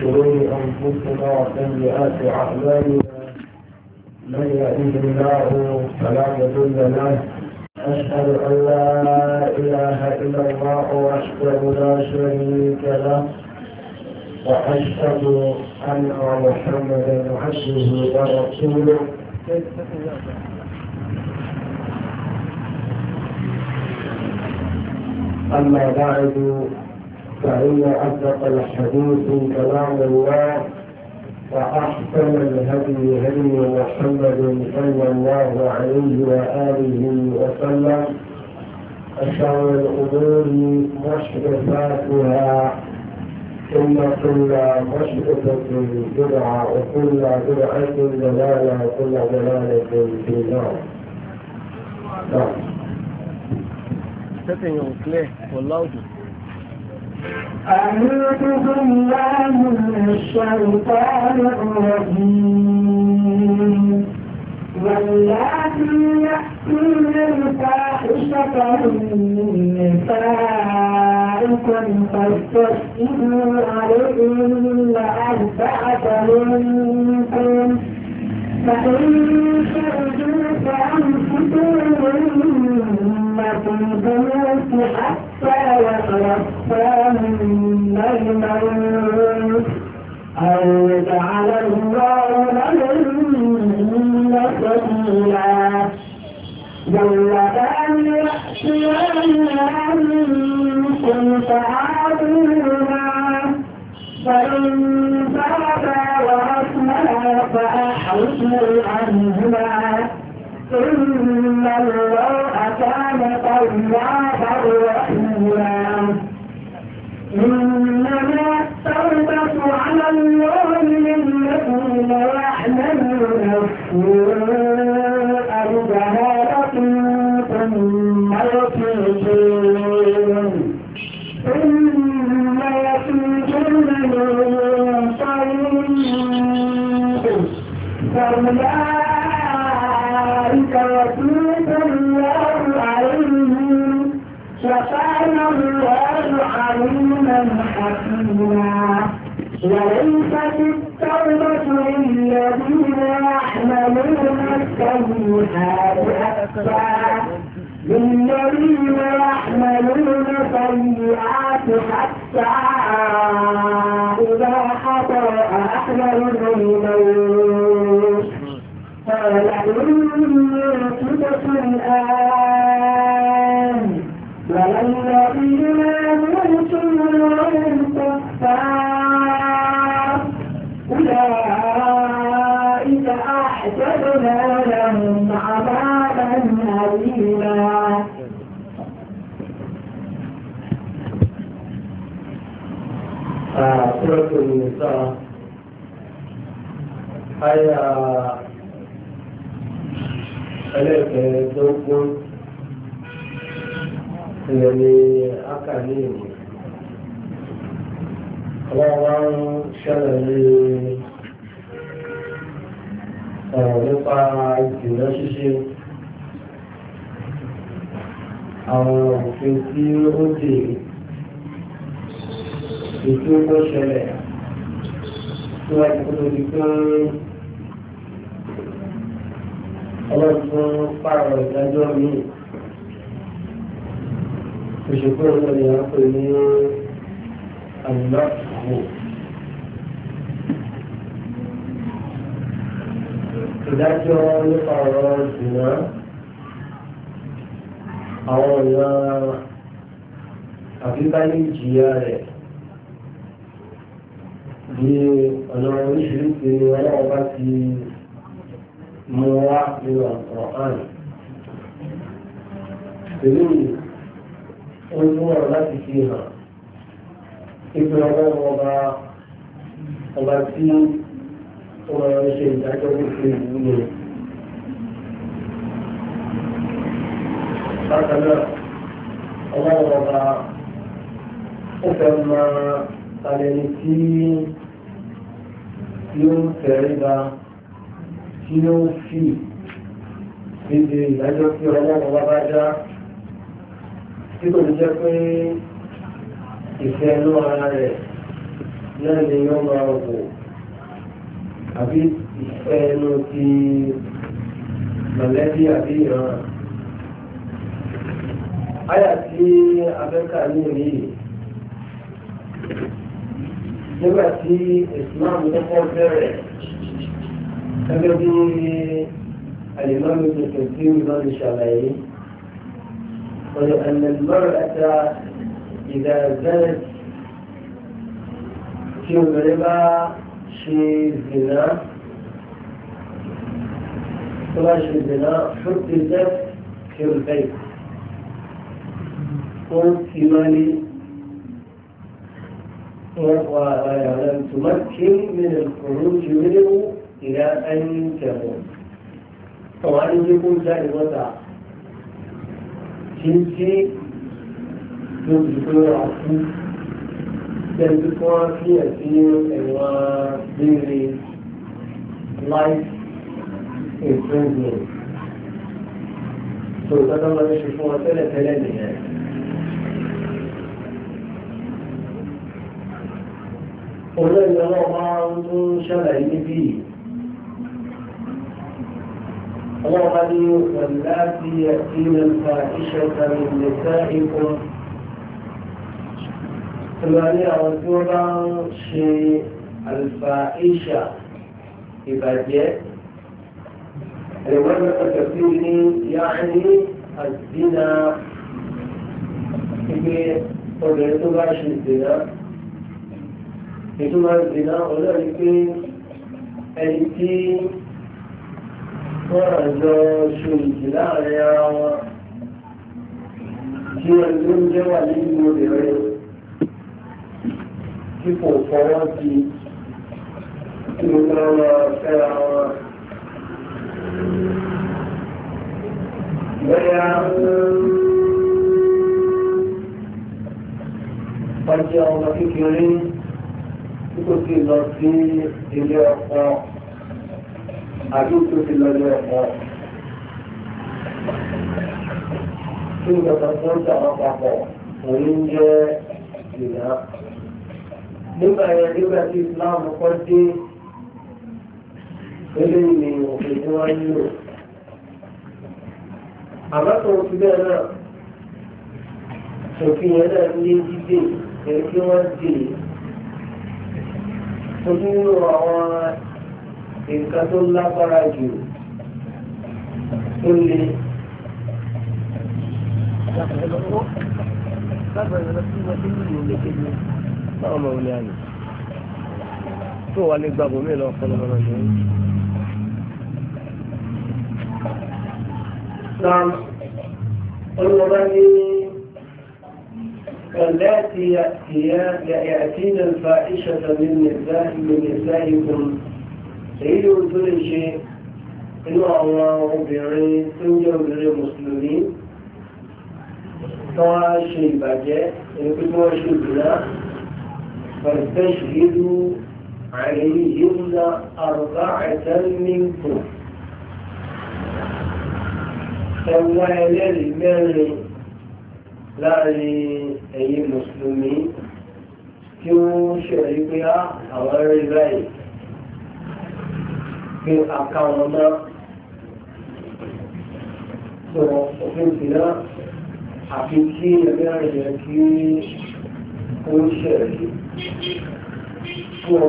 شرور أنفسنا وسيئات أعمالنا من يهده الله فلا مضل له أشهد أن لا إله إلا الله وحده لا شريك له وأشهد أن محمدا عبده ورسوله أما بعد فإن أصدق الحديث كلام الله وأحسن الهدي هدي محمد صلى الله عليه وآله وسلم أشار الأمور مشرفاتها إن كل مشرفة بدعة وكل بدعة دلالة وكل دلالة في النار. نعم. your clay for loudness. أعوذ بالله من الشيطان الرجيم واللاتي يأتين الفاحشة من نسائكم فاستشهدوا عليهن أربعة منكم فإن شئتم فأمسكوهن في بيوت حتى فيتوفاهم الموت أو جعل الله لهن سبيلا جلتان يأتيان عنكم فعادوهما فإن تابا وأصلحا فأحرجوا عنهما إن الله كان توابا رحيما الغلام إنما التوبة على الله للذين يعملون السوء بجهالة ثم يتوبون ثم يتوبون من قريب فأولئك فيها وليست التوبة للذين يحملون السيئات حتى للذين يحملون السيئات حتى إذا حضر أحدهم الموت قال إني تبت الآن وللذين الكفار أولئك أعتدنا لهم عذابا أليما سورة النساء آية ẹlẹ́ẹ̀kẹ́ tó kún ìyẹn ọlọ́wọ́ ń ṣẹlẹ̀ ọ̀rọ̀ nípa ìgbìmọ̀ ṣíṣe àwọn òfin tí ó dè ètò ó ṣẹlẹ̀ tí wọ́n ti kótó di pé ọlọ́dún pààrọ̀ ìdájọ́ mi òṣèkúrò náà ni wọ́n pè ní àmì wò ìdájọ́ nípa ọ̀rọ̀ ìdùnnà àwọn ọ̀nà àbíkáyé ìjìyà rẹ̀ bí ọ̀nà oríṣiríṣi ni ọlọ́wọ́ bá ti mú wá nínú ọ̀ràn èyí ó ń mú ọ̀rọ̀ láti fi hàn ìpè ọlọ́run ọba ọba tí ó máa ń ṣe ìdájọ́ gbogbo ìlú ni. bákan náà ọlọ́run ọba ó fẹ́ máa tàlẹ́ni tí yóò tẹ̀ríba tí yóò fi níbi ìdájọ́ tí ọlọ́run ọba bá já tí ní jẹ́ pé ìfẹ́ inú ara rẹ̀ náà ni yóò máa wò àbí ìfẹ́ inú ti mọ̀lẹ́bí àbí ìran. Àyà tí Abẹ́ka ní òní yìí nígbà tí ìsìláàmù kọ́kọ́ bẹ̀rẹ̀ gẹ́gẹ́ bí àlìmọ́lù tuntun tí wọ́n ti ṣàlàyé. Wọ́n ni ẹ̀ta إذا زنت في الربا شيء زنا فلاش زنا حددت في البيت قلت في مالي ولم تمكن من الخروج منه إلى أن تكون طبعا يجب زائد وضع جنسي lóbi pé wọ́n kú tẹ́lẹ̀ tí wọ́n fi life improvement tó ìtọ́jọ́ máa ń ṣe fún wọn tẹ́lẹ̀ tẹ́lẹ̀ nìyẹn. olóyè ọlọ́wọ́ máa ń tún ṣàlàyé níbí yìí. ọlọ́wọ́ bá ní wọ̀n láti ثمانية وتورا شي الفائشة إبادية الوزن الكثير يعني الزنا في قدرته باش الزنا يتوما الزنا ولا يمكن أن يكون ورزو شو الزنا يا جوا tí fọwọ́ sí kí wọ́n máa fẹ́ra wọn. Bẹ́ẹ̀ ọjọ́ ọmọ kékeré tí kò sí lọ sí ilé ọkọ àbí tó ti lọ ilé ọkọ. Tí ìjọba ń tàwọn papọ̀ òun jẹ́ ìlànà nígbà yẹn nígbà tí Islam kọ́ dé eléyìí ni òfin tí wọ́n ń lò. àbátọ̀ òfin bẹ́ẹ̀ náà òfin yẹn náà ní dídè èyí tí wọ́n dè é. ó nílò àwọn nǹkan tó lágbára jù tó le. Lábẹ̀rẹ̀ lọ sí táwọn ọmọ òní àná tó wà ní gbàgbọ́ mi lọ fún ọmọ náà lóyún. Nam olùwọ́bá ní kàlẹ́ẹ̀tì yàtí ní fa ìṣẹ̀tọ̀ ní nìzáìkùn èyí ló tó lè ṣe inú àwọn obìnrin tó ń jẹ́ obìnrin mùsùlùmí tó wá ṣe ìbàjẹ́ èyí pé wọ́n ṣe ìbìlá فاستشهدوا عليهن أربعة منكم سوى للمال láàrin ẹ̀yin mùsùlùmí tí ó ṣẹ̀rí pé á àwọn rí báyìí pé àká wọn náà sọ òfin sí náà àfi ẹgbẹ́ rẹ̀ kí òun ṣe ẹ̀rí tí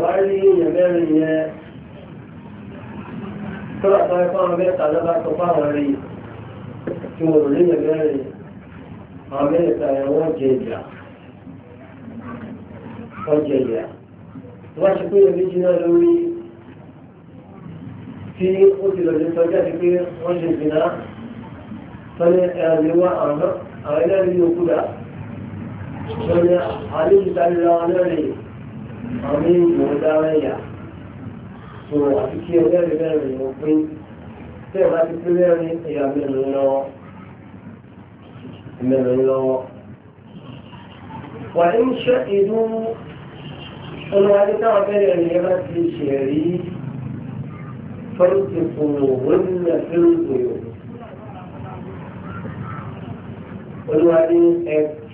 bá rí èèyàn mẹ́rin yẹn tó àtọ́ ẹ̀kọ́ àwọn mẹ́ta lọ́ba sọ fún rí tí wọ́n rí èèyàn mẹ́rin àwọn mẹ́ta yẹn wọ́n jẹ ìjà wọ́n jẹ ìjà wọ́n ṣe pé ẹbí jiná lórí tí ó ti lọ sí sọjá sí pé wọ́n ṣe jìnnà tọ́lẹ̀ ẹ̀rọ ìwà àwọn ẹlẹ́rìí yòókù dáa lórí àríwísárérá lórí àwọn ìgbò tó àti kí ẹlẹ́rìí mẹ́rin ló pín tẹ́ bá ti pín mẹ́rin ìyá mẹ́rin lọ́wọ́ wà ń ṣe ìlú olùwádìí táwọn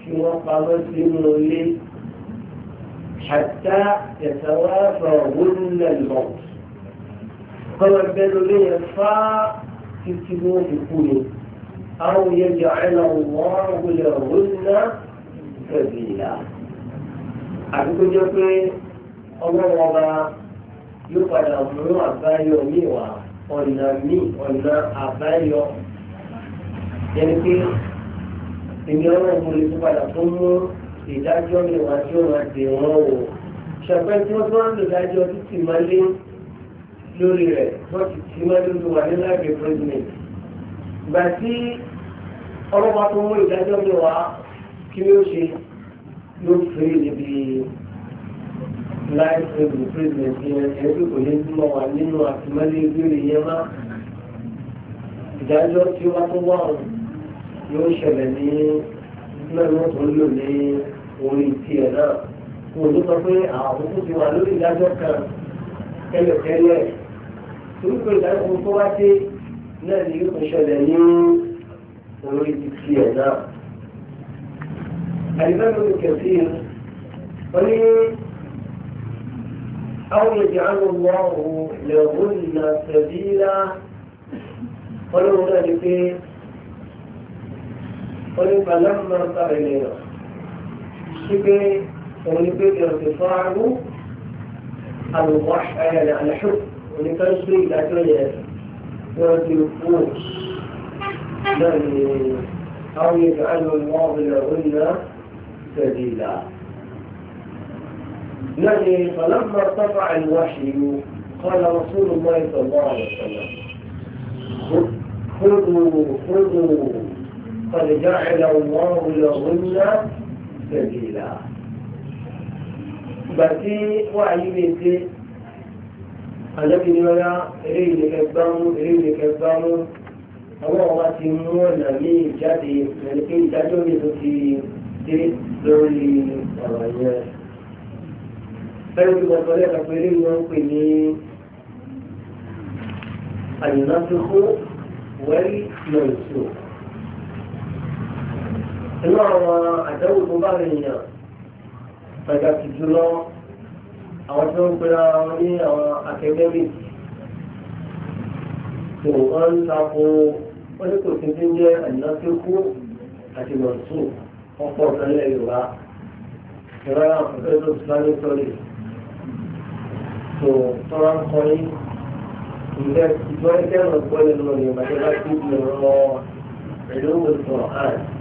tí wọ́n pamọ́ sínú ilé ṣàtà ẹ̀sẹ̀wá sọ̀rọ̀ nílẹ̀ kọ́lọ̀ bẹ́ẹ̀ lé yẹn fá títí ní wọ́n fi kú ni àwọn yẹn jẹ́ àìlà wọ́n wọlé ọ̀húnná sẹ̀bìlà àdúgbò jẹ́ pé ọlọ́wọ́ ọba yóò padà mú àbáyọ míì wá ọ̀nà míì ọ̀nà àbáyọ yẹn pé èmi ọlọ́run mo lè tún padà tó mú ìdájọ́ mi wá tí ó máa dè wọ́n o ṣàpẹ́ tí wọ́n tún wá ń lò dájọ́ títì máa lé lórí rẹ̀ wọ́n ti tì máa lé lórí wà ní láìpẹ́ president ìgbà tí ọlọ́pàá tó mú ìdájọ́ mi wá kí ló ṣe ló fèrè níbi láì ẹgbù president yẹn ẹgbẹ́ kò ní bí wà nínú àtìmọ́lé ìbéèrè yẹn má ìdájọ́ tí wọ́n tún wá ọ̀hún yóò ṣẹlẹ̀ ní lẹ́nu tó ń lò ní orí tiẹ̀ náà kò ní sọ pé àwọn tó ti wà lórí ìdájọ́ kan tẹ́lẹ̀tẹ́lẹ̀ orúkọ ìdájọ́ tó wá dé náà ni yóò ṣẹlẹ̀ ní orí tiẹ̀ náà. àyíkájú mi kẹ̀sí wọ́n ní àwọn ìjànú lọ́wọ́ lẹ́wọ́n ìlànà tẹ̀lé lá wọ́n lọ́wọ́ náà ni pé. قل فلما ارتقى إلينا شبه ونبدأ ارتفاعه الوحي يعني الحب ونكسر الأكلات وتلفوه بل أو يجعل الله لهن سبيلا يعني فلما ارتفع الوحي قال رسول الله صلى الله عليه وسلم خذوا خذوا قد جعل الله لهن سبيلا باتي وعيبتي àjọ́bí ni wọ́n eré ìlẹ́kẹ̀ gbámú eré ìlẹ́kẹ̀ gbámú àwọn ọba ti mú ọ̀nà ní ìjáde ẹni pé ìdájọ́ mi tó ti dé lórí ọ̀rọ̀ yẹn. fẹ́rẹ́ bí wọ́n sọ lẹ́ka pé eré ń pè ní àyìnbá tó kó wẹ́rí lọ́ọ̀sọ̀ inú àwọn àdéhùn tó bá rìn yàn pàtàkì jùlọ àwọn tí wọ́n pera wọn ní àwọn academic tó wọ́n ń tako wọ́n ní kò sí ti ń jẹ́ ànásíkú àti mọ̀tún ọ̀pọ̀ ìpínlẹ̀ Yorùbá ìrọ̀lá professor islamic studies tó tọ́ra ń kọ́ yín ìgbẹ́ ìjọ ẹgbẹ́ ọ̀gbọ́n nínú ìgbàdébá tí ìlú ọ̀rọ̀ ìlú ìtàn àìsí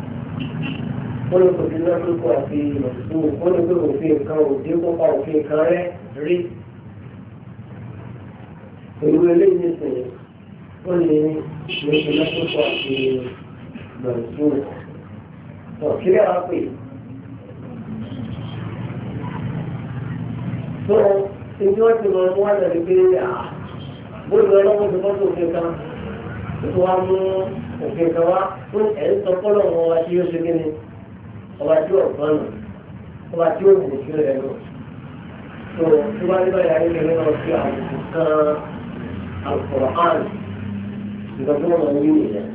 ó ló kòtí náà tó kọ àti ìmọ̀tò ó ló pé òfin nǹkan òdí ó kópa òfin nǹkan rẹ rí èrú eléyìí nìsín ó lè ní ìṣòro náà tó kọ àti ìmọ̀tò ọ̀kílẹ̀ á pè tó ibi wọ́n ti lọ mú wá tẹ̀lé pé ah, bó lọ lọ́wọ́ ti fọ́tò òfin kan tó wá mú òfin fún ẹ̀ ń wọn ọba tí yóò ṣe kí ni ọba tí yóò gbọ́n ọba tí yóò bù sí rẹ̀ nù. tó tó bá ní báyìí ayé kẹ́kẹ́ náà fi àbùkù kan àlùkòrò hàn nǹkan tó wọn yí nìyẹn.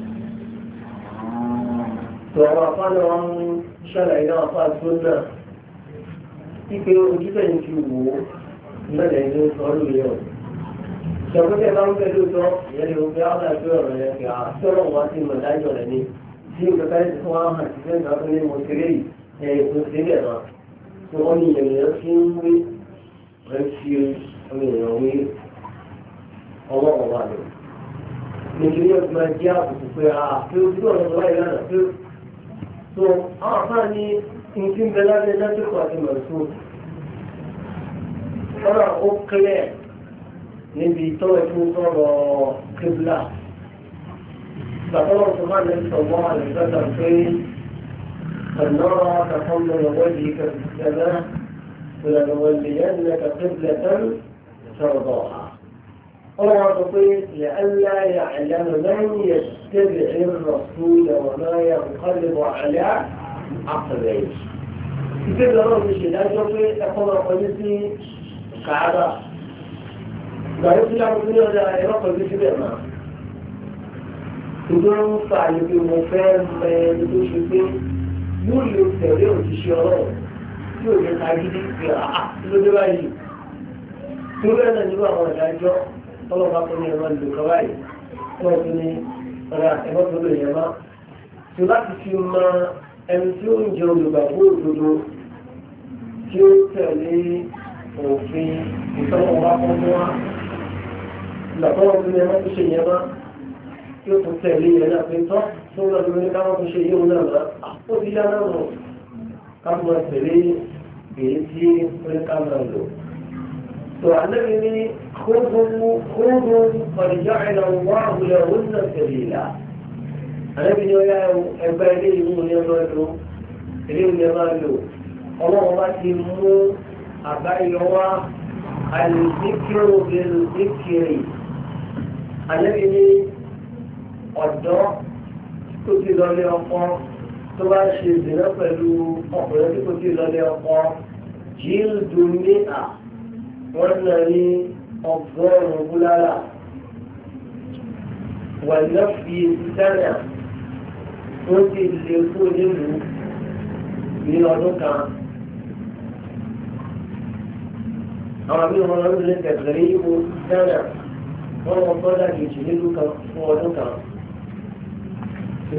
tó àwọn afá wọn ń ṣàlàyé náà afá tó náà ipe ojú tẹ̀yìn ti wò ó mẹ́lẹ̀ ní sọ́ọ́lù yẹn o ṣàkóso bá ń pẹ́ lóòótọ́ ìyẹn lè wọ́n fi àwọn àjọ ọ̀rọ̀ yẹn fi àtọ́rọ̀ wọn ti mọ̀ dájọ́ rẹ̀ ni tí nǹkan ká ti fún àwọn àti fẹ́ nǹkan tó ní mo ṣeré yìí ẹ̀yìn tó ṣe bẹ̀ náà tí wọ́n ní ìyẹn lè fi ń wé rẹ̀ fi ọmọ èèyàn wé ọwọ́ ọ̀wà rẹ̀. nítorí ó ti máa jẹ́ àbùkù pé àfi ojú ọ̀rọ̀ tó wáyé lánàá pé so àwọn àfáà ní nǹkan bẹ lábẹ́ lásìkò àti mọ̀ọ́sùn. ọ̀rọ̀ ó kílẹ̀ نبي تو ẹtú sọ̀rọ̀ قبلة gbàtọ́wọ́ tó máa ń lè sọ̀rọ̀ àlùfẹ́sà pé فالنرى تحمل وجهك في السماء ولنولينك قبلة ترضاها أو تطيق لئلا يعلم من يتبع الرسول وما ينقلب على عقبيه. كده لو مش لا تطيق تقول قلتي كعبة gbàdé tó dáhùn sí ọjà ẹ̀rọ kan tó síbẹ̀ máa. Ìjọ ń fa àyèké mo fẹ́ mọ ẹni tó ṣe pé yóò lè tẹ̀lé òṣìṣẹ́ ọlọ́run tí ò ní tagídí fi àá ah, ah, lóde báyìí. Torí báyìí tó lè lọ́tọ́rọ̀ tó yẹ mọ́tò ṣe yẹn mọ́ tí ó tún tẹ̀lé yẹn náà pé tọ́ tó lọ sí ká mọ́tò ṣe yẹn náà mọ́ ah, ó ti yá náà mọ́ ká mọ́ tẹ̀lé èyí tí ó yẹ ká mọ́ lò. tó àlẹ́bí ní kóòdùn ọ̀dìjọ́ ìlà wà wùlẹ̀ òun náà tẹ̀lé ìlà. àlẹ́bí ní ọ̀yá ẹgbẹ́ ilé ìlú ni ẹ máa lò ilé àlẹ́bí ní ọ̀dọ́ tó ti lọlé ọkọ tó bá ṣe ìdènà pẹ̀lú ọkùnrin tí kò ti lọlé ọkọ jíìl dùnmíà wọ́n nà ní ọgọ́rùn-ún búlára wà lọ́fì sẹ́nà wọ́n ti lè kó nílùú ní ọdún kan. àwọn àbí wọn lọ́dún lè tẹ̀lé ìwò sẹ́nà wọ́n mọ bọ́dà kejì nílùú kan fún ọdún kan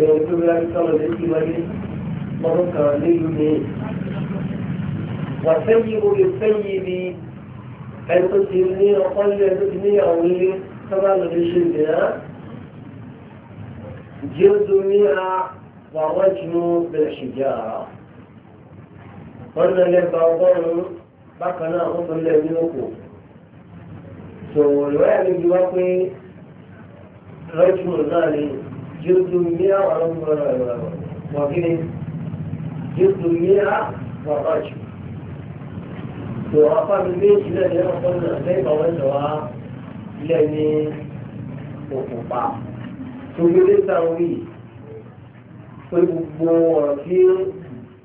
ìrìn tó bí wáyé kọ́lọ̀ lé sí wáyé ọdún kan nílùú mi. wà sẹ́yìn o lè sẹ́yìn ibi ẹni tó ti ní ọkọ ilé ẹni tó ti ní àwọn ilé sábà lọ lè ṣe ìdènà jésù ní a wà wọ́n jù bẹ̀rẹ̀ ṣèjà ara wọ́n lọ lẹ́gbàá ọgọ́rùn-ún bákan náà wọ́n tó lẹ́ẹ̀mí òkú tó ìwáyà mi bí wọ́n pé rọ́jù náà ni jùlọ mìíràn wà ló ń bọ̀ náà lọ́wọ́ wọ́n kí ni jùlọ mìíràn wà rọ́jù. tó apá mi méjì náà ní ọ̀pọ̀ náà lẹ́yìn àwọn ẹ̀sọ́ wa ilé ní òkùnfà. tó yẹ lé sáwọn yìí pé gbogbo ọ̀rọ̀ tí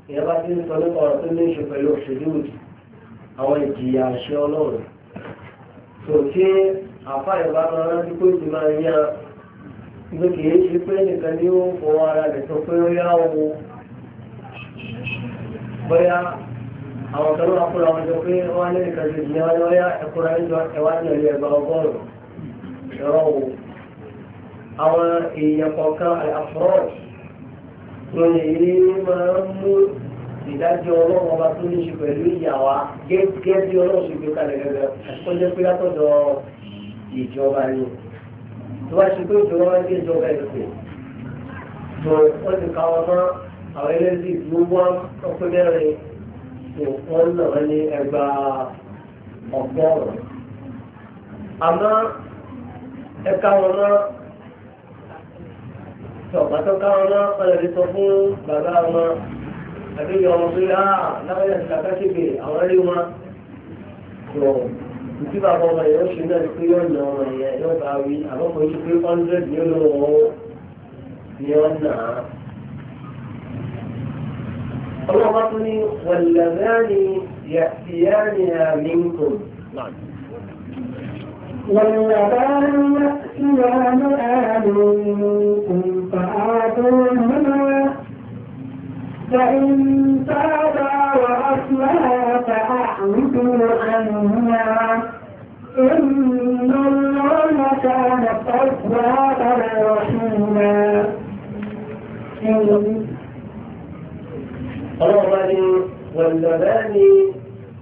ìyẹn bá ti ń sọ nípa ọ̀rọ̀ tó ní í pẹ̀lú òṣèlú àwọn ìjìyà àṣẹ ọlọ́run tòkí àfa ìwà máa rántí pé ti máa yá ibi kìí ṣe pé nìkan ní ó fọ ara rẹ̀ sọ pé ó yá owó bóyá àwọn kan náà fúnra wọn jọ pé wọ́n á ní nìkan ṣe ìyẹn wọn yá ẹ̀kúra níjọ ẹ̀wá ní ẹ̀lú ẹ̀gbà ọgọ́rùn-ún ẹ̀rọ wo àwọn èèyàn kọ̀ọ̀kan àfọ́rọ̀ lóye yìí máa ń mú ìdájọ́ ọlọ́run ọba tó ní ṣe pẹ̀lú ìyà wa gẹ́gẹ́ bí ọlọ́run ṣe gbé kalẹ̀ gẹ́gẹ́ tó jẹ́ pé látọ̀dọ̀ ìjọba ni tó bá ṣe pé ìjọba wá sí ìjọba ẹ̀sìn tó wọ́n ti ka wọn mọ́ àwọn ẹlẹ́sìn ló wá ọpẹ́ mẹ́rin tó wọ́n nà wọ́n ní ẹgbà ọgọ́rùn-ún. àmọ́ ẹ̀ka wọn mọ́ tọ̀pátọ́ ká wọn mọ́ ọ̀rẹ́dẹ́sọ fún bàbá wọn. ẹbí yọ ọmọ pé á lábẹ́yà ti kàkà kéde àwọn ẹ̀rí wọn tó ìdí bàbá ọmọ yẹn ó ṣe náà ni pé yóò nà ọmọ yẹn yóò bá wí àkọ́kọ́ yìí pé hundred ní olówó ni ó nà á. ọlọ́run bá tún ní wàlẹ́mẹ́rin yàtìyánìyà minkum. واللبان يأتيان آمنكم فآتوهما فإن تابا وأصلها فأعوذ عنها إن الله كان توابا رحيما قال واللبان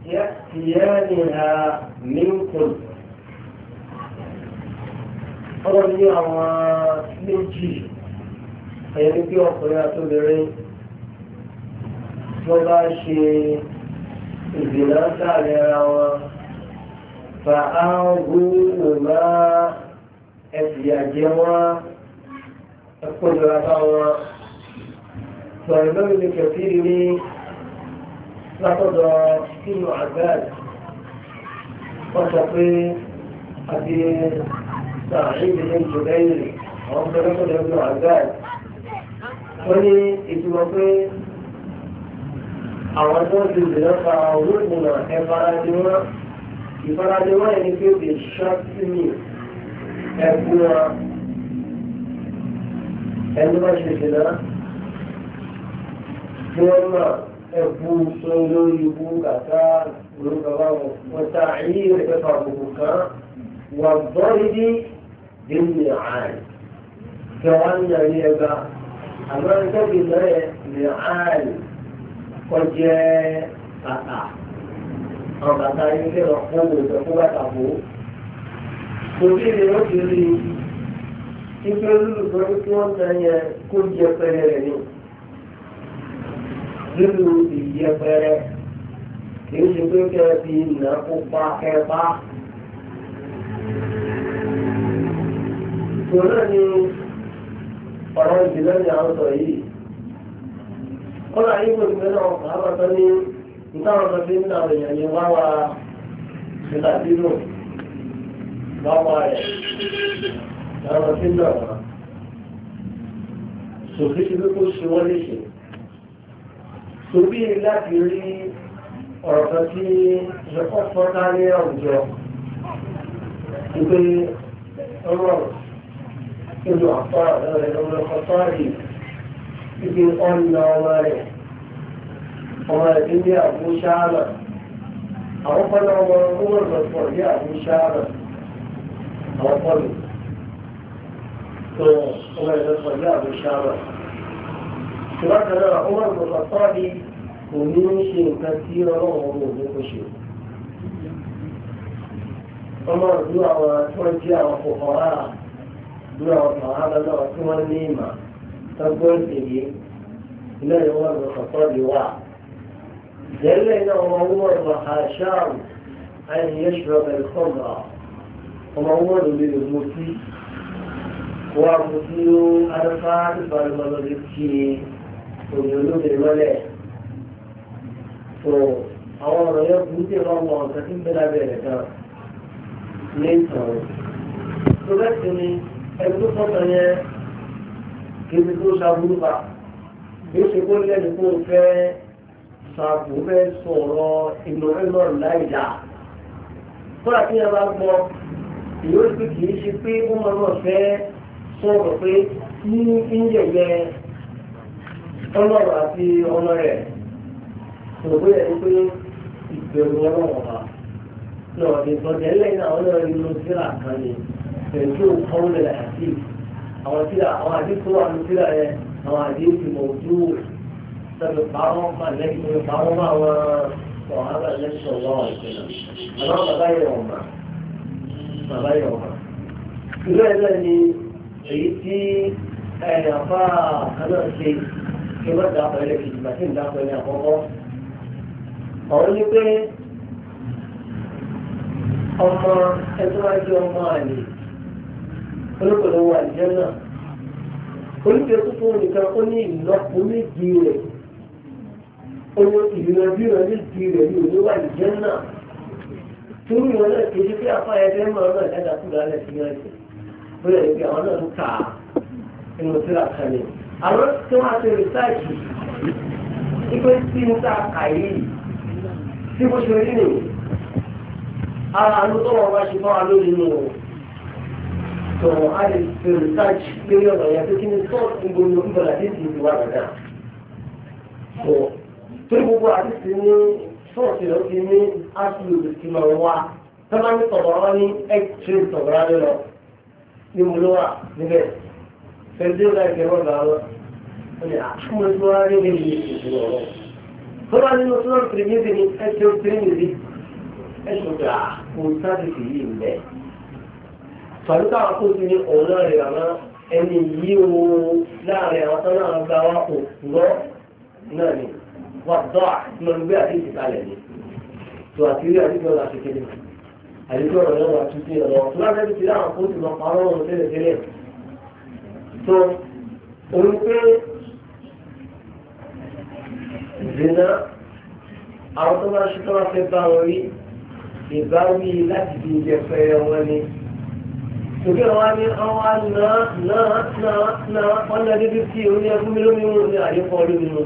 يأتيانها منكم ọ̀rọ̀ ní àwọn méjì ẹ̀yẹ́ ní kí ọkùnrin àtòbìnrin wọ́n bá ṣe ìgbìnà sáàrin ara wọn fa áhùn òmá ẹ̀fìyàjẹ́ wọn ẹ̀kọ́jọra bá wọn sọ̀rọ̀ lórí ní kẹfìrí ní látọ̀dọ̀ sínú àgbáàd wọ́n sọ pé àti sàáìdì ní jùlẹ́yìn àwọn ọmọdé lọ́kọ̀dọ̀ sínú àgbáàd wọ́n ní ìtumọ̀ pé àwọn tó ti dìnnà fara olóògùnà ẹ farajì wọn ìfarajì wọn ẹni pé ó lè ṣáàtì ní ẹkú wọn ẹni bá ṣe dìnnà tí wọn mọ ẹkú sọ lórí ikú kàtà lórúkọ báwọn wọn ta àyè ìrẹ̀fà gbogbo kan wà bọ́ọ̀lì bí àárẹ̀ kẹwàá ń yàrá ẹgbàá àmọ́ ẹgbẹ́ bìnnà ẹ̀ lè àárẹ̀ kọjẹ́ bàtà àwọn bàtà yìí lè kò sí ìdè wọ́n ti rí i ibi olùdókòwò tí wọ́n ta yẹn kó jẹ pẹrẹ rẹ̀ ni lílo ìyẹ pẹrẹ kì í ṣe pé kẹ́ ẹ fi nà kó pa ẹ ìṣòro ni ọ̀rọ̀ ìdílé ni à ń sọ yìí kọ́lá ayébò ìgbẹ́nà ọ̀pọ̀ àbàtọ́ ní ìtàwọn ọ̀dọ́ bí àwọn èèyàn yẹn wáwà ìlà dínú wáwà rẹ̀ àwọn tí ń dà wá ti pé kó ṣe wọ́n léṣe sòfí láti rí ọ̀rọ̀ kan tí ìṣẹ́kọ̀ fọ́nká ní àwùjọ ìpè ọlọ́run ìlú àpá ọ̀rẹ́ ọlọ́run ọ̀tọ́ àdìyẹ. ibi ọ̀nà ọmọ rẹ̀ ọmọ rẹ̀ ti ní àbúṣá àmà àwọn kọ́nà ọmọ ọmọ ìgbọ̀nsọ̀ ní àbúṣá àmà àwọn kọ́nà tó ọmọ ìgbọ̀nsọ̀ ní àbúṣá àmà. ṣùgbọ́n kan náà ọmọ ìgbọ̀nsọ̀ bí kò ní ń ṣe nǹkan tí ọlọ́run ọmọ òun kò ṣe. ọmọ ìlú àwọn tí wọ́n jẹ́ àwọn kòkòrò àà ìlú àwọn kòkòrò àà lọ́wọ́ tí wọ́n ní ìmọ̀. tọ́gbọ́n tèyí iná ni wọ́n lọ sọ̀tọ́ di wà. Jẹ́lẹ̀ náà wọ́n wọ́n lọ àṣàm àyìn yẹn ṣùgbọ́n bẹ̀rẹ̀ kọ́mà ọmọ wọ́n lọ lè mú sí. Wọ́n á mú sí ó aráfá nípa ni wọ́n lọ lè kí òní olóbìnrin mọ́lẹ̀. Tó àwọn ọ̀rọ̀ yẹn kú sí ìwọ̀n wọn ọ̀sẹ̀ tí ń bẹ kébi tó ṣàbúrú bá kéṣe kó lẹ́nu kó fẹ́ ṣàbò fẹ́ sọ̀rọ̀ ìnáwó láìdá kódà kí ẹ bá gbọ́ ìyó ti kì í ṣe pé ó máa lọ fẹ́ sọ̀rọ̀ pé ní ìyẹ̀yẹ ọlọ́rọ̀ àti ọmọ rẹ̀ òwe ẹ̀ pé ìbẹ̀rù ọlọ́rọ̀ wa lọ́ọ̀dẹ̀ tọ́jẹ́ lẹ́yìn àwọn ọlọ́rọ̀ inú àwọn tíra àwọn àdéhùn tó wà ní tíra yẹn àwọn àdéhùn ti mọ̀ ojú sẹ́bi pàrọ̀ máa lẹ́yìn tó pàrọ̀ máa wọn sọ̀ hábà lẹ́yìn tó lọ́wọ́ ìpínlẹ̀ àwọn bàbá yẹn wọ̀n mà bàbá yẹn wọ̀n mà. ìlú ẹ̀ ni èyí tí àfa kanáà ṣe kí wọ́n dà pẹ̀lú kejì màtí ń dà pẹ̀lú àkọ́kọ́. àwọn ní pé ọmọ ẹgbẹ́ wájú ọmọ àlè olókòló wà ìjẹ́ oníkẹ́ tuntun nìkan ó ní ìlọ́po méjì rẹ̀ ó ìrìnàjò méjì rẹ̀ ní òní wà ìjẹ́ náà wọn náà kejì pé afáyẹ fẹ́ máa náà dáadáa kúrò alẹ́ sí náà jù bóyá ìgbé àwọn náà ló kà á inú tíra kan àwọn tí wọ́n ti rìsáàjì ipe tí ń ta àyè tí bó ṣe rí nìyí ara àlùtọ́wọ́ bá ṣe fáwọn lórí nù tó a lè fi rìsáàjì lórí ọ̀rọ̀ yẹn pé kí ni sọ́ọ̀tì gbogbo ìbọ̀lá tí ti ti wà nàdà. tó gbogbo àdìsí ní sọ́ọ̀tì lọ ti ní áṣìlò ti máa wá tọ́lá ní sọ̀rọ̀ ní ẹ̀kírí sọ̀rọ̀ rẹ lọ ní mo ló wà níbẹ̀. fẹ́ẹ́dé láì fẹ́ wọ́n gbà wọ́n ní àkúmọ̀ tí wọ́n rí ní ìlú ọ̀rọ̀. tọ́lá nínú sọ́ọ̀tì ní ẹ̀kírí pẹ̀lú káwọn tó ti ní òun náà rẹ̀ àwọn ẹni yìí o láàrin àwọn tó náà gba wa kò gbọ́ náà ni wà dọ́ àti ọ̀rọ̀ gbé àti ìsìkalẹ̀ ni tó àti rí àti ìjọba àti kéde àdìgbò ọ̀rọ̀ náà wà tún sí ọ̀rọ̀ tó láti ti láwọn kó ti lọ pa ọlọ́run tẹ́lẹ̀ tẹ́lẹ̀ tó òun pé zina àwọn tó máa ṣe tó máa fẹ́ bá wọn rí ìbáwí láti fi ìjẹfẹ́ wọn ni òbí ọ̀wá ní ọwá náà náà náà náà wọ́n ní adébí tí ó ní ẹkún mi lómi ní àyíkọ́ lómi mú.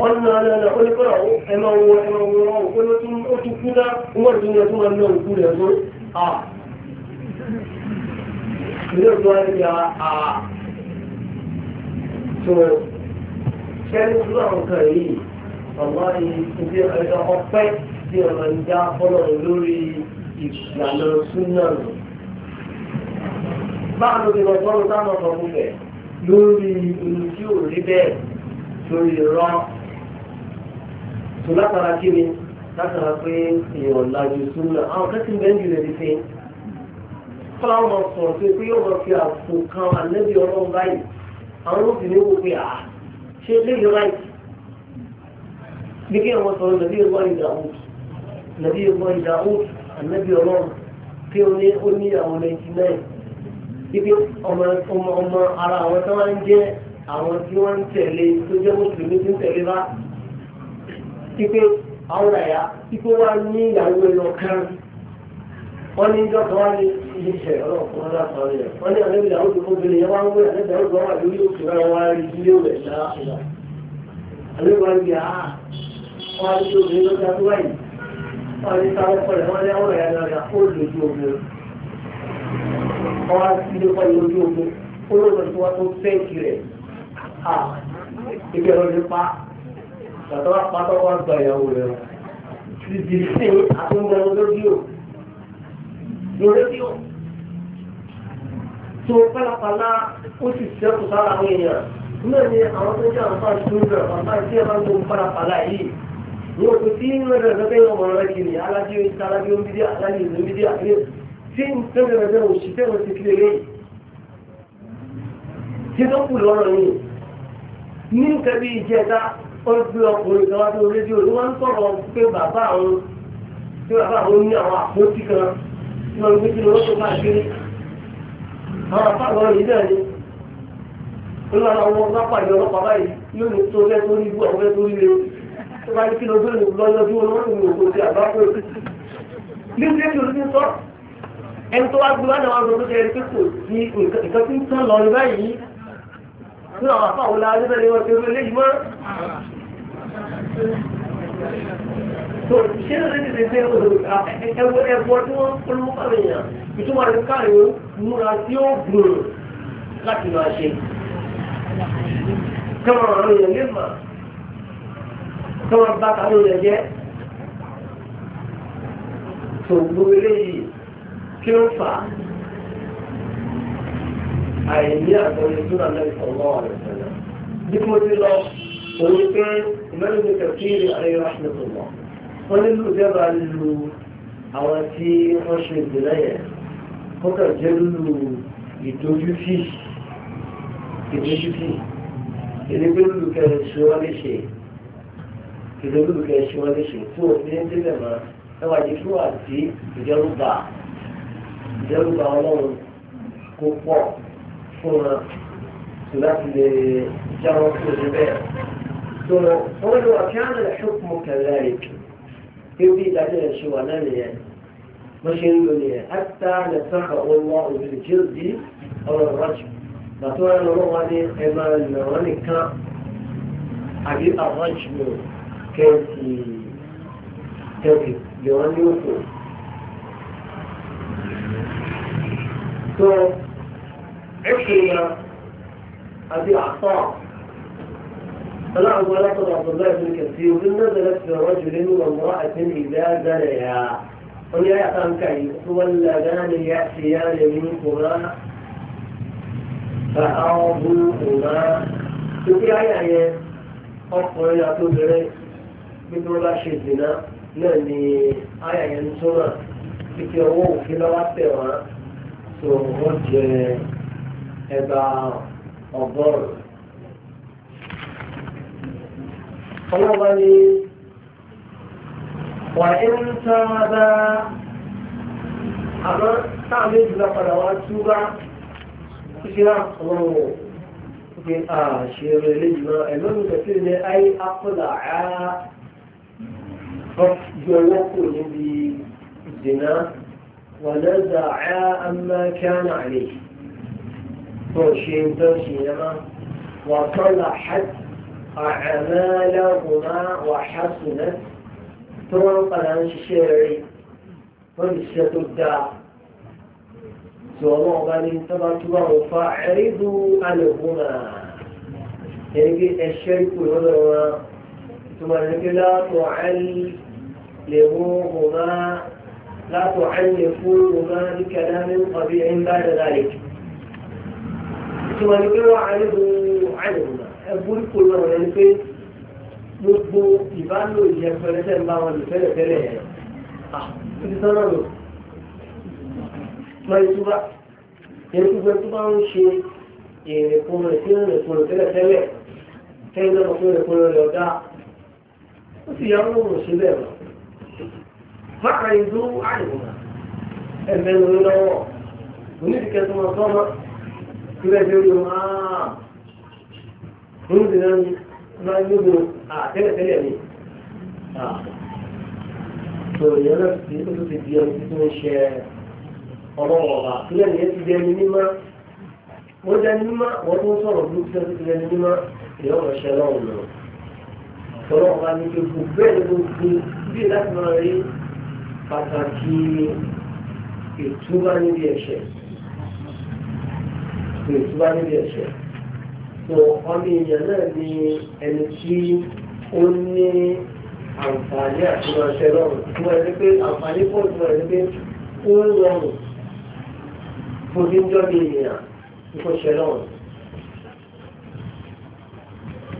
wọ́n ní ọ̀nà ọ̀nà ó ní kọ́nà ẹ máa wọ ẹ máa wọ ọ̀hún ó ti kú náà wọ́n ti yẹ kó máa ná òkú rẹ̀ tó. ilé wa ní ya tó kẹ́rin tó àwọn kan yìí ọ̀gbọ́n yìí ọ̀pẹ́ tí ọ̀nà ń já lórí ìlànà súnà nù. báwo ni lọ sọ́run táwọn ọmọ mi bẹ̀ lórí ohun tí ò rí bẹ́ẹ̀ lórí rọ́ tó látara kí ni látara pé èèyàn lajú súnà àwọn kẹ́sì bẹ́ẹ̀ jù lè rí fi fọláwọn ọmọ sọ̀rọ̀ pé pé yóò máa fi àpò kan àlẹ́bí ọlọ́run báyìí àwọn obìnrin wò pé àá ṣe léyìí láì bí kí àwọn sọ̀rọ̀ nàbí ẹ̀gbọ́n ìdààmú nàbí ẹ̀gbọ́n ìdààmú ànábì ọlọ́run pé ó ní ó ní àwọn ninety nine ibi ọmọ ọmọ ọmọ ara àwọn tó máa ń jẹ́ àwọn tí wọ́n ń tẹ̀lé tó jẹ́ mùsùlùmí tó ń tẹ̀lé bá ipe àwọn àyà ipe wa ní ìyàwó ẹ̀rọ kan wọ́n ní dọ́kọ̀ wá ní ilé ọlọ́kùnrin lápá rẹ̀ wọ́n ní ànábì àwọn tó fún yẹn wá ń wé ànábì àwọn tó wà lórí òkè náà wá rí ilé rẹ̀ láàpùlà ànábì wọn gbé àá ah, wọ́n á ní tó obìnrin lọ́jà tó wáyé àwọn ìta ọkọ̀ rẹ̀ wọ́n lẹ́wọ̀n rẹ̀ lọ́rẹ̀ ó lójú omi wọ́n á sí lókọ̀ lójú omi ó lóòrùn tí wọ́n tó fẹ́ẹ̀kì rẹ̀ à ìgbẹ́ ló lè pa bàtà wà pátá wà gba ìyàwó rẹ̀ o ti di sí àtúndẹ̀ lójú lójú tó pálapàla ó sì sẹ́kù sára àwọn èèyàn náà ni àwọn tó jẹ́ àwọn bá ń tó ń bẹ̀rẹ̀ bàbá ìdí ẹ̀ bá ń tó ń pálapàla yìí wọn kò sí inú ẹ̀rọ ẹ̀rọ tẹ́yìn ọmọ rẹ kiri alájí oṣù alájí omi díẹ̀ alájí ìlú omi díẹ̀ àti tí ń tẹ́lẹ̀ rẹ bẹ́ẹ̀ oṣù tẹ́lẹ̀ oṣù kiri lé tí tó kù lọ́rọ̀ yìí ní nǹkan bí ìjẹta ó gbé ọkùnrin kan wá sí rédíò ni wọ́n ń sọ̀rọ̀ pé bàbá àwọn pé bàbá àwọn ní àwọn àpótí kan tí wọ́n ń gbé sí lọ́wọ́ tó àwọn àpá àwọn yìí náà ni tó bá ní kí lọ́jọ́ ní lọ́yọ́jú olóòrùn ní ògbó tí àbá fún òkú ní ilé tí olóòrùn sọ ẹni tó wá gbé wá náà wọn gbogbo tẹ ẹni pé kò sí nǹkan tí ń tán lọ ní báyìí ní àwọn àfa òun lára níbẹ̀ ni wọ́n ti rú eléyìí mọ́. tó ṣé ló lè tètè ẹwọ ẹbọ tí wọ́n polówó kàwé yàn ìtumọ̀ rẹ̀ káàrin múra tí ó gbòòrò láti máa ṣe. kẹ́mọ̀ràn ló yẹ tó wọn bá kàánú rẹ̀ jẹ́ tó gbogbo eléyìí kí ó fà á àìní àtọ́lẹ̀ tó náà lẹ́yìn ọ̀gbọ́n ọ̀rẹ́ sẹ́lẹ̀ bí mo ti lọ òun pé mẹ́rin mi kẹ̀kí rẹ̀ ayé rásìlẹ̀ tó mọ̀ wọ́n nílò ìjọba lu àwọn tí wọ́n ṣe ìgbìlẹ̀ yẹn kọ́kà jẹ́ lulu ìdójútì ìdójútì ìdígbélulu kẹrin ṣe wọ́n lè ṣe ìlú olùkẹ́ ṣe wọ́n léṣe tó o ní débẹ̀ mọ́ ẹ wá di fún àti ìdẹ́rùbà ìdẹ́rùbà ọlọ́run kó pọ̀ fún wọn tó láti lè já wọn kúrò níbẹ̀. tó wọ́n lọ àti àwọn ẹ̀ṣọ́kùnmọ́ kẹlẹ́ rẹ̀ kí bí ìdájọ́ ẹ̀ ṣe wà náà nìyẹn wọ́n ṣe ń lò nìyẹn átá lẹ́sàkà ọlọ́ òbí jíòdì ọ̀rọ̀ rájù bàtú wọn lọ́wọ́ wọn ní ẹ máa nà wọn nìkan àbí àwọn jùlọ كانت كانت جواني وفوق عكرمة أبي عطاء فلعب قد عبد الله بن كثير إن نزلت في رجل وامرأة إذا زنيا قل يا أخان كيف واللذان يأتيان منكما فأعظمهما أي يعني أقول يا تدري pé tí wọ́n bá ṣe ìdènà náà ni àyà yẹn ń túmọ̀ títí ọwọ́ òfin lọ́wọ́ tẹ̀ wọ́n tó wọ́n jẹ ẹgbà ọgọ́rùn-ún. ọlọ́wọ́ ni wà ń tàbá àmọ́ táà méjì bá padà wá túbá títí náà ọlọ́wọ́ òfin àṣẹ rẹ̀ lẹ́yìn náà ẹ̀lọ́run tẹ̀sí ní ayé apọ̀lá àá yọ owó kù níbi ìdènà wàlẹ́zà á amákíánà rè tó ṣe ń tó ṣe yẹn má wà tọ́lá àmàlẹ́hùnmá wà hásùnẹ́ tó wọ́n padà ń ṣiṣẹ́ rẹ̀ wọ́n ti ṣe tó dáa tí ọlọ́run ọba ní tọ́ba tó bá wọn fa ẹ̀rídù alẹ́hùnmá ẹni pé ẹ̀ṣẹ́ ìpò lọ́dọ̀ wọn ìtumọ̀ ẹ̀ríkẹ́lá tó àárín. لغوهما لا تعنفوهما بكلام طبيع بعد ذلك ثم نقول وعنه عنهما أقول كل ما نقول gbogbo ìbálò ìyẹ̀pẹ̀lẹ́sẹ̀ ń bá wọn lò fẹ́rẹ̀ fẹ́rẹ̀ ẹ̀ ti sọ́nà lò mọ ìtúbà ìrìnkúgbẹ́ tó bá ń ṣe ìrìnkúrò sí ìrìnkúrò fẹ́rẹ̀ fẹ́rẹ̀ fẹ́rẹ̀ lọ́pọ̀ ìrìnkúrò rẹ̀ ọ̀dá ó sì yà wọ́n mọ̀ síbẹ̀ rẹ̀ mọ́kà ìlú àyùmọ̀ ẹ̀mẹ́ ló lọ́wọ́ onídìkẹ́ tó máa sọ́mọ́ ìrẹ́ ìdí orí wọn áà onídìí náà ní máa ń lóbo àtẹ́lẹ̀tẹ́lẹ̀ mi. sọ̀rọ̀ yẹn náà ti ó tó ti di ẹni tó ń ṣe ọlọ́wọ́ ọba ìrẹ́ ìyẹn ti di ẹni mímọ́ wọ́n jẹ́ ẹni mímọ́ wọ́n tó ń sọ̀rọ̀ burúkú tó ti di ẹni mímọ́ ìyẹn ọ̀rọ̀ ṣẹlẹ̀ ọ̀nà. sọ̀rọ̀ ọba ní kí gbogbo bẹ́ẹ̀ ni gbogbo bí láti máa rí pàtàkì ìtúbá níbi ẹ̀ṣẹ̀ ìtúbá níbi ẹ̀ṣẹ̀ tó ọmọ èèyàn náà ni ẹni tí ó ní àǹfààní àti ránṣẹ́ lọ́rùn tí wọ́n ẹni pé àǹfààní pọ̀ tí wọ́n ẹni pé ó ń rọrùn fún níjọ́ ní ènìyàn nípa ṣẹ lọ́rùn.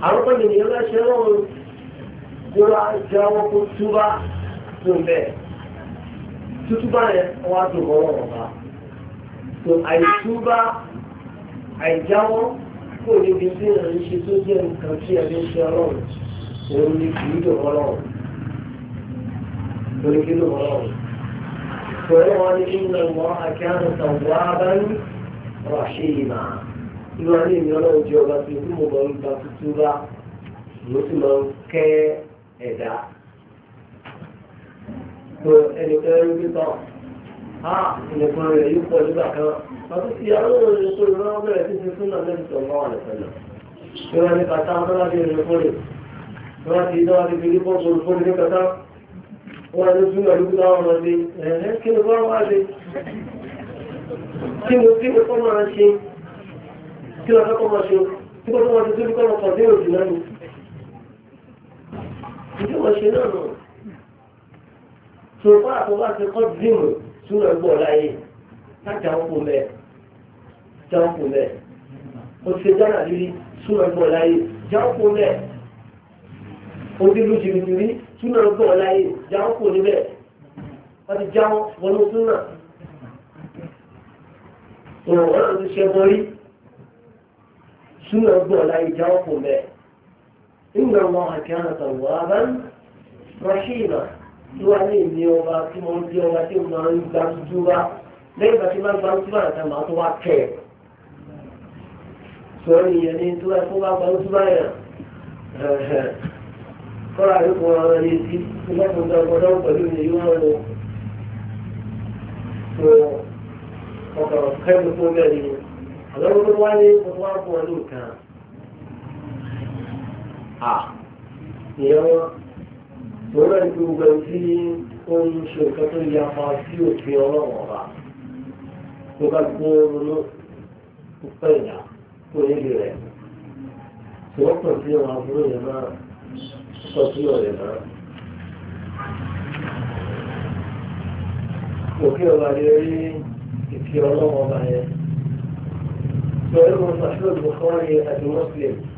àwọn ọmọ ènìyàn láṣẹ lọ́rùn kó wá jáwọ́ kó túbá tó bẹ́ẹ̀ tútúbá yẹn wọ́n á dùn ọ̀rọ̀ ọ̀gá tó àìtúbá àìjáwọ́ kò níbi tí èèyàn ń ṣe tó jẹ́ nǹkan tí ẹni ń ṣe ọlọ́run òun ni kì í dùn ọlọ́run òun ni kì í dùn ọlọ́run pẹ̀lú wọn ni ìnà wọn àkíyàn tàn wá báyìí ọ̀rọ̀ ṣe ìmà inú alẹ́ mi ọlọ́run jẹ́ ọba tí mo mọ̀ ń gba tútúbá mo sì mọ̀ kẹ́ ẹ̀dá tó ẹnìkan ń gbé tán á ìlẹ̀kùn rẹ̀ yìí pọ̀ nígbà kan àti ti àwọn olóòrùn tó lọ́wọ́ bẹ̀rẹ̀ sí ti súnà tó lọ́wọ́ rẹ̀ pẹ̀lú ìwọ̀n ní kàtà ọ̀tọ́lá bí ẹni fún rẹ̀ wọ́n ti dá ti fi rí bọ́ bọ́ọ̀lù fún ní kàtà wọ́n ti súnà lókù láwọn ọmọdé ẹ̀ẹ́ kí ni wọ́n wá dé kí ni kí ni kọ́ máa ṣe kí ni kọ́ máa ṣe kí ni kọ́ máa ṣe tó ní kọ́ máa kọ̀ dé òjì náà ni ìjọba ṣe náà náà tó bá àtọ́wá kọ́ dìímù súnà gbọ́ láyé láti mẹ́ jáwọ́ kò mẹ́ o ti ṣe jáná láyé jáwọ́ mẹ́ o ti lu jìbìtì láyé jáwọ́ níbẹ̀ wọ́n jáwọ́ wọnú súnà òun ọ̀rọ̀ ti ṣe bọ́rí súnà gbọ́ láyé jáwọ́ mẹ́ ìgbà wọn àti àwọn àtàwọn abá ń ìwà ní èmi ọba tí mo ń di ọba tí mo máa ń gba dúdú wá lẹ́yìn ìgbà tí mo máa ń gba dúdú wá nìkan màá tó wá kẹ̀ ẹ́. sọ èèyàn ní tó ẹ kó bá gba dúdú wá yẹn kọ́ra yóò kó wọn lé sí ìlọ́kùn tó ọgbọ́n náà pẹ̀lú ìyẹn yóò wọn lọ. sọ ọkọ̀ kẹ́mi fún bẹ́ẹ̀ ni àlọ́ wá ní gbogbo wá fún ọ ní nǹkan. ìyẹn wọn òun náà ní gbogbo tí ó ń ṣe nǹkan tó ya pa sí òfin ọlọ́run ọba tó ká gbọ́ ronú púpọ̀ ìyá tó níbi rẹ̀ tí wọ́n pọ̀ sí ọmọ àbúrò yẹn náà pọ̀ sí ọ̀rẹ́ náà. òkè ọba lè rí ìfi ọlọ́run ọba yẹn. pẹ̀lú ọmọ àṣọ ìbùkún rẹ̀ àti mọ́sílẹ̀mù.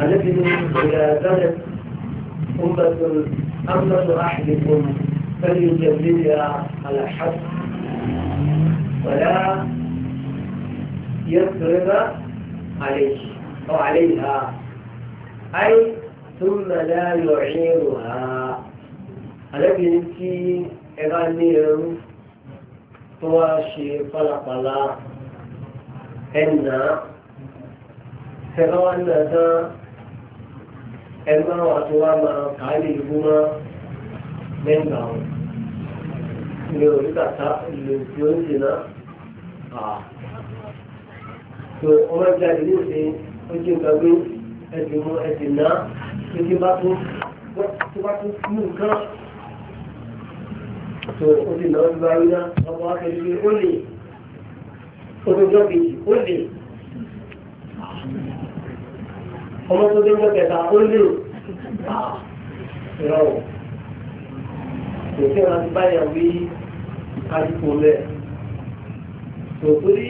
فنجد إلى بلد أمة أمة أحدكم فليجددها على حد ولا يضرب عليه أو عليها أي ثم لا يعيرها الذي في إغانيهم تواشي فلقلا إن فغوانا ẹgbẹ́ wọn tí wọ́n máa kà lè gbó mọ́ lẹ́yìn àwọn ilé oníkàtà ilé tí ó ń ṣe náà tó ọmọ ẹgbẹ́ àti ní ó jẹ́ nǹkan pé ẹ̀sìn mú ẹ̀sìn náà tó ti bá tó bá tó mú nǹkan tó o ti náà gba rí náà ọmọ akẹ́kẹ́ ó lè ó tó kejì ó lè ọmọ tó dé jọ́ kẹta ó lè ìrọ̀ ah, kò sí ọ̀nà tí báyà wí kájúkò lẹ̀ kò torí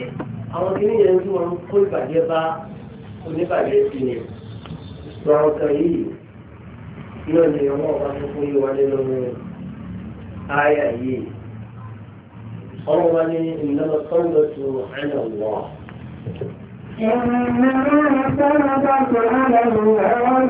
àwọn kìíní yẹn tí wọ́n kó ìbàjẹ́ bá oníbàjẹ́ sí ni sọ àwọn kan yìí náà ni ọmọ ọba tó kó yé nínú àyà yìí ọmọ wa ní ìnáwó sọ́ńdọ̀tù àyà wọ̀. إنما سبقت على الأرض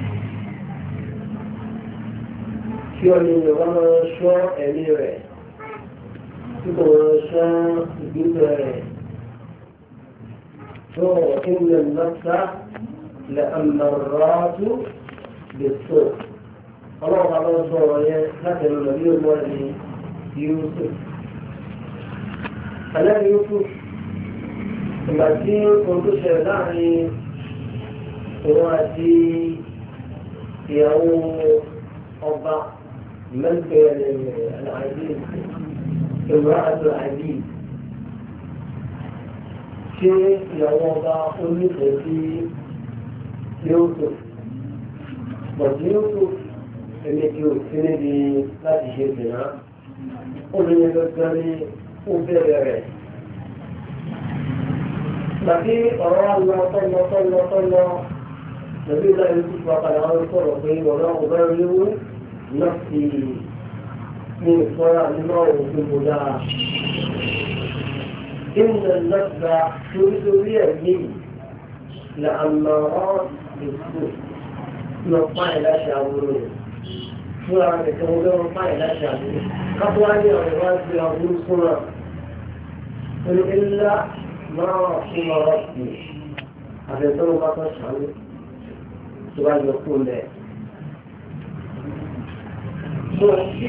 kí ọ̀nà ìjọba máa ṣọ́ ẹ̀mí rẹ̀ tí kò máa ṣọ́ ìgbésẹ̀ rẹ̀ tó ìnà nọ́ọ̀sá lẹ́ àmàràtú lè tó ọlọ́ọ̀pá lọ́wọ́ sọ ọ̀rọ̀ yẹn láti ẹnu lọ bí ó mọ́ ẹni Yusuf. Àlẹ́ ìgbà tí ohun tó ṣẹlẹ̀ láàrin òun àti ìyàwó ọba ملك العزيز امرأة العزيز شيء يوضع كل في يوسف بس يوسف انك يوسف دي لا تشيرتنا ومن يبقري وفيري لكن قرار طلع طلع الله صلى الله نبي الله يوسف وقال عن الصلاة والسلام وقال عن الصلاة nọ́ọ̀sì ní ìfọ́nra nínú ọ̀rọ̀ tó kò dára. Ìmùnà lọ́gbà torítorí ẹ̀ ní làmọ̀ràn ìsú lọ páyì láti àwòrán rẹ̀. Fúnra rẹ̀ kan lọ́wọ́ páyì láti àwòrán. Kápọ́ á ní ọ̀rẹ́ wá sí àwòrán fúnra. Olùkẹ́lá máa fún ọ̀rọ̀ sí. Àbẹ̀tọ́ bá tọ́ sàánú. Tó bá yọ kó lẹ̀ tó tí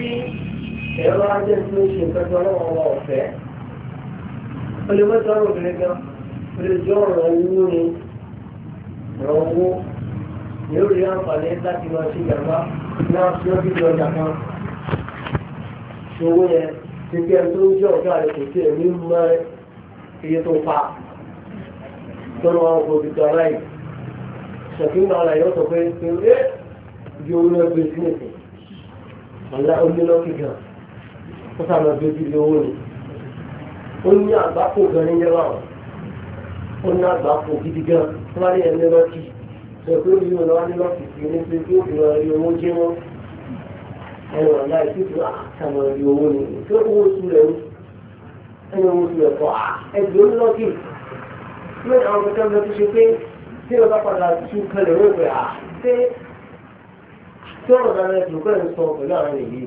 ẹ̀rọ ajé tí ó ṣe pẹ̀lú ọlọ́wọ́ ọmọ ọ̀fẹ́ olùmọ́tò ọ̀rọ̀ obìnrin gan olùjọ́ ọ̀rọ̀ owó ni ọ̀rọ̀ owó ni ó rí àǹfààní láti lọ sí ìjàmbá náà sí ọ́ bíbí ọjà kan ṣòwò yẹn ti kí ẹni tó ń jẹ́ ọ̀gá rẹ̀ kò sí ẹ̀mí mọ iye tó pa tó lọ wọn kò dìgbà láì ṣèkíngbà ara yóò sọ pé ṣe é ju owó lọ gbé sí nìkan ọ̀la onílọ́kì gan ó sàmà dojú lé owó ni ó ní àgbákò gan ní yẹwà wọn ó ní àgbákò gidi gan tó bá rí ẹ̀ nílọ́kì sọ pé òbí wọn lọ́wọ́ nílọ́kì sí ní pé kí òbí wọn rí owó jẹ́ wọn ẹnu ọ̀la ìtìtù àtàmà rí owó ni tó owó oṣù rẹ̀ ó ẹni owó oṣù rẹ̀ kọ́ ah, ẹgbẹ́ onílọ́kì lórí àwọn kankan lọ tó ṣe pé tí ọba padà tún kalẹ̀ wọ́n pẹ̀ à ah, ṣé tí ọ̀rọ̀ dáná ẹ̀sùn kọ́ ẹ̀ ń sọ pẹ̀lú àwọn èyí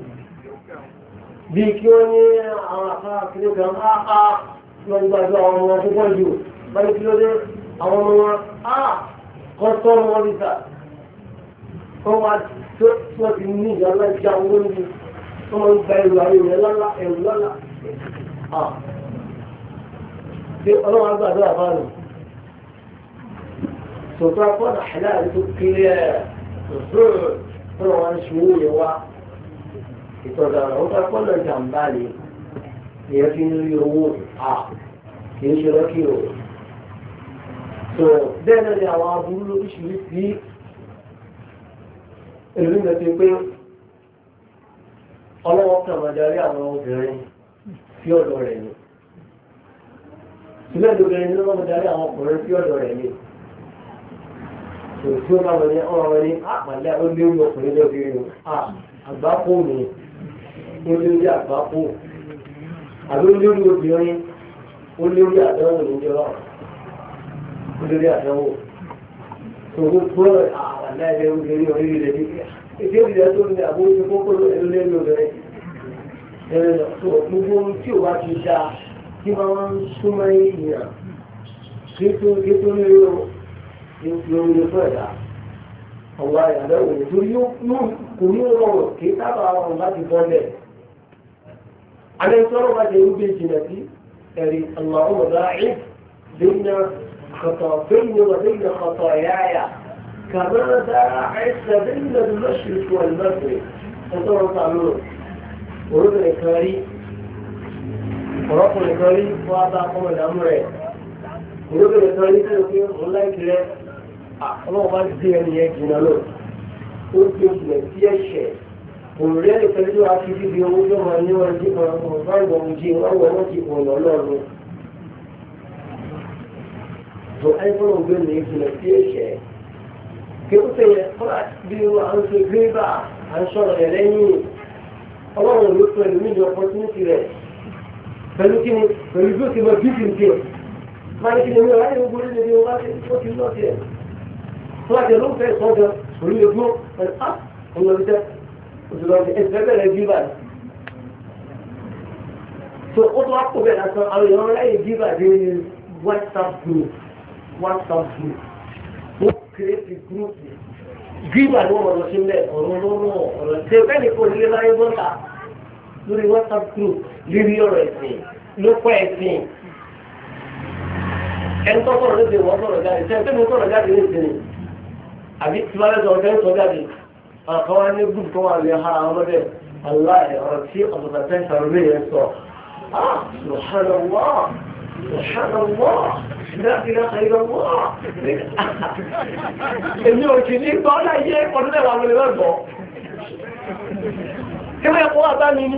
bíi kí ó ní àwọn àfárá kìló kan áá lọ gbàdúrà àwọn ọmọ púpọ̀ jù báyìí kí ló dé àwọn ọmọ wọn áá kọ́ tọ́ ọmọ wọn níta wọ́n wá tó wọ́n ti ní ìyá ńlá ìjà owó níbi wọ́n máa ń gba ẹrù àwọn èèyàn lọ́la ẹrù lọ́la ṣe ọlọ́wọ́ agbàdúrà bá rùn sọ̀tọ́ akọ́dà àlá àti tó kéré tó wọ́n ń ṣòwò yẹn wá ìtọ́jú àwọn ọ̀gá pọ́nà jàǹbá ni ìyẹn fi ń owó à kì í ṣe lọ́kì o. tó bẹ́ẹ̀ náà ni àwọn aburú lóríṣiríṣi èlú ìgbà ti pé ọlọ́wọ́ kan àwọn obìnrin sí ọ̀dọ̀ rẹ̀ ni. ìgbà ìdókòrò ni wọ́n máa darí àwọn ọkùnrin sí ọ̀dọ̀ rẹ̀ ni kò tí ó láwọn ní ọ̀rọ̀ wọn ní àpàlẹ́ ah, ó lé ní ọkùnrin lọ́bìnrin nù ah, àgbákò mi ó lé ní àgbákò àbí ó lé ní obìnrin ó lé ní àdánwò níjọba ó lé ní àdánwò tòun tó àpàlẹ́ ẹgbẹ́ obìnrin orílẹ̀ èdè èdè ìrìnà tó ní àbó ti kókó ẹnu lẹ́nu obìnrin ẹ̀rọ tó gbogbo ohun tí ò bá ti dáa tí wọ́n ń súnmọ́ ìyàn kí tó kí tó ní o lórí ikú ẹ̀dá ọ̀wọ́ àyàlẹ́ òun tó kò ní rọrùn kì í sábà rọrùn láti bọ́lẹ̀ alẹ́ sọ́rọ̀ bá jẹ́ ìgbé jìnà sí ẹ̀rí وبين خطاياي كما باعدت بين المشرق والمغرب ọ̀tọ́rọ̀ ta ló orúkọ nìkan rí ọ̀rọ̀kùnrin kan rí fún abá ọmọ ìdààmú rẹ̀ orúkọ nìkan rí fún òkè ńlá ìkìlẹ̀ Ah, ọlọ́wọ́ bá gbé ẹni yẹn jìnnà lọ ó gbé jìnnà sí ẹ̀ṣẹ̀ òrùlé ẹni pẹ̀lú tó a fi bíbi owó tó máa ní wọn jí kan wọn wọ ohun jí wọn wọ wọn ti ọ̀nà ọlọ́run tó ẹni tó ń gbé ní jìnnà sí ẹ̀ṣẹ̀ kí ó tẹ̀yẹ fúnra bí wọn à ń ṣe gírígà à ń sọ̀rọ̀ ẹ̀ lẹ́yìn ọlọ́run ló pẹ̀lú níbi ọpọ́túnìtì rẹ̀ pẹ̀lú kí ni pẹ̀lú bí ó ti lọ bí ti ń tẹ̀ máa ní kí ni mi ò ráyè gbogbo tó bá jẹ ló ń fẹ́ sọ́jọ́ òun lè dúró ẹ̀ á òun lọ jẹ́ òṣèlú ọ̀sẹ̀ ẹ̀sẹ̀ bẹ̀rẹ̀ bí báyìí. tó ó tó wá kó bẹ́ẹ̀ lásán àwọn èèyàn WhatsApp group WhatsApp group ó create group gígbà ni wọ́n lọ sí ilẹ̀ ọ̀rọ̀ lọ́wọ́ ọ̀rọ̀ tẹ bẹ́ẹ̀ni kò nílé láyé bọ́ta lórí WhatsApp group lírí ọ̀rọ̀ ẹ̀sìn lópa ẹ̀sìn ẹ̀ńtọ́ sọ̀rọ̀ lóde wọ́n sọ̀rọ̀ jáde sẹ́ńtẹ́ mi sọ̀rọ̀ jáde ní ìsinmi àbí tí wọ́n lẹ́sọ̀ ọ̀tẹ́ sọ jáde ọ̀kan wá ní gúùpù tó wà lè ha àwọn ọmọdé aláì ọ̀rọ̀ tí ọ̀tọ̀tà tẹ́ sàrúbí yẹn sọ ah subhanallah subhanallah ìdájọ́ ìdájọ́ èmi ò kì ní gbọ́ láyé ọdún mẹ́wàá ló lè lọ́gbọ́ kí wọ́n yẹ kó wà bá mi ní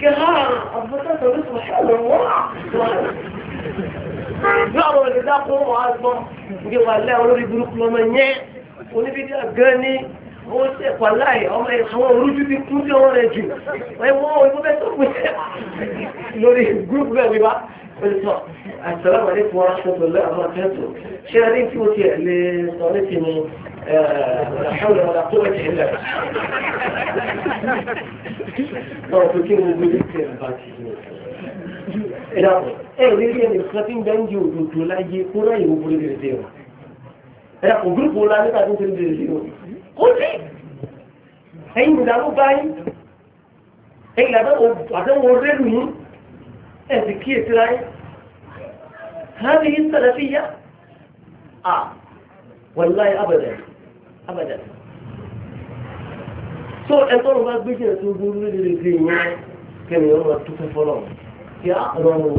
kí ha ọ̀tọ̀tà sọ ní subhanallah ní ọ̀rọ̀ ìdájọ́ kó wọ́n á gbọ́ nígbà wà lẹ́ olórí burúkú ọmọ yẹn oníbídí àgán ní wọ́n ṣe ẹ̀kọ́ aláì ọmọ ẹ̀sùn wọn orújú ti kú sí ọmọ rẹ̀ jù ẹ̀wọ̀n ìwọ́n bẹ́ẹ̀ tó pé lórí gúrúùpù bẹ́ẹ̀ wíwá olùsọ àṣàlámù àlékún wa ṣètò lẹ́yìn àtẹ́tò ṣé a ní kí o tiẹ̀ lè sọ ní ti mu ṣáwùlẹ̀ ọ̀dà tó wẹ̀ tẹ̀lé náà tó kí ni gbogbo ìtẹ̀ bá ti yẹ ẹ̀dá ẹ̀ rí rí ẹnì kan tí ń bẹ́ńdì òdòdó láyé kó ráyè ó burú lè ẹ̀yà kò gúrùpù ńlá nípa tó ń tẹ́lẹ̀ bèrè sínú kó sí ẹ̀yìn ìdààmú báyìí ẹ̀yìn àtẹ́wò rẹ́lù yìí ẹ̀sì kí èsì ráyé hàbí yìí sẹ̀lẹ̀ fi yá à wàláyé abẹ̀rẹ̀ abẹ̀rẹ̀ tó ẹ̀tọ́ ló bá gbé jẹ́ tó burú lórí ti yẹn kẹ́mi ọ̀rọ̀ máa tó fẹ́ fọ́lọ́ kí á rọrùn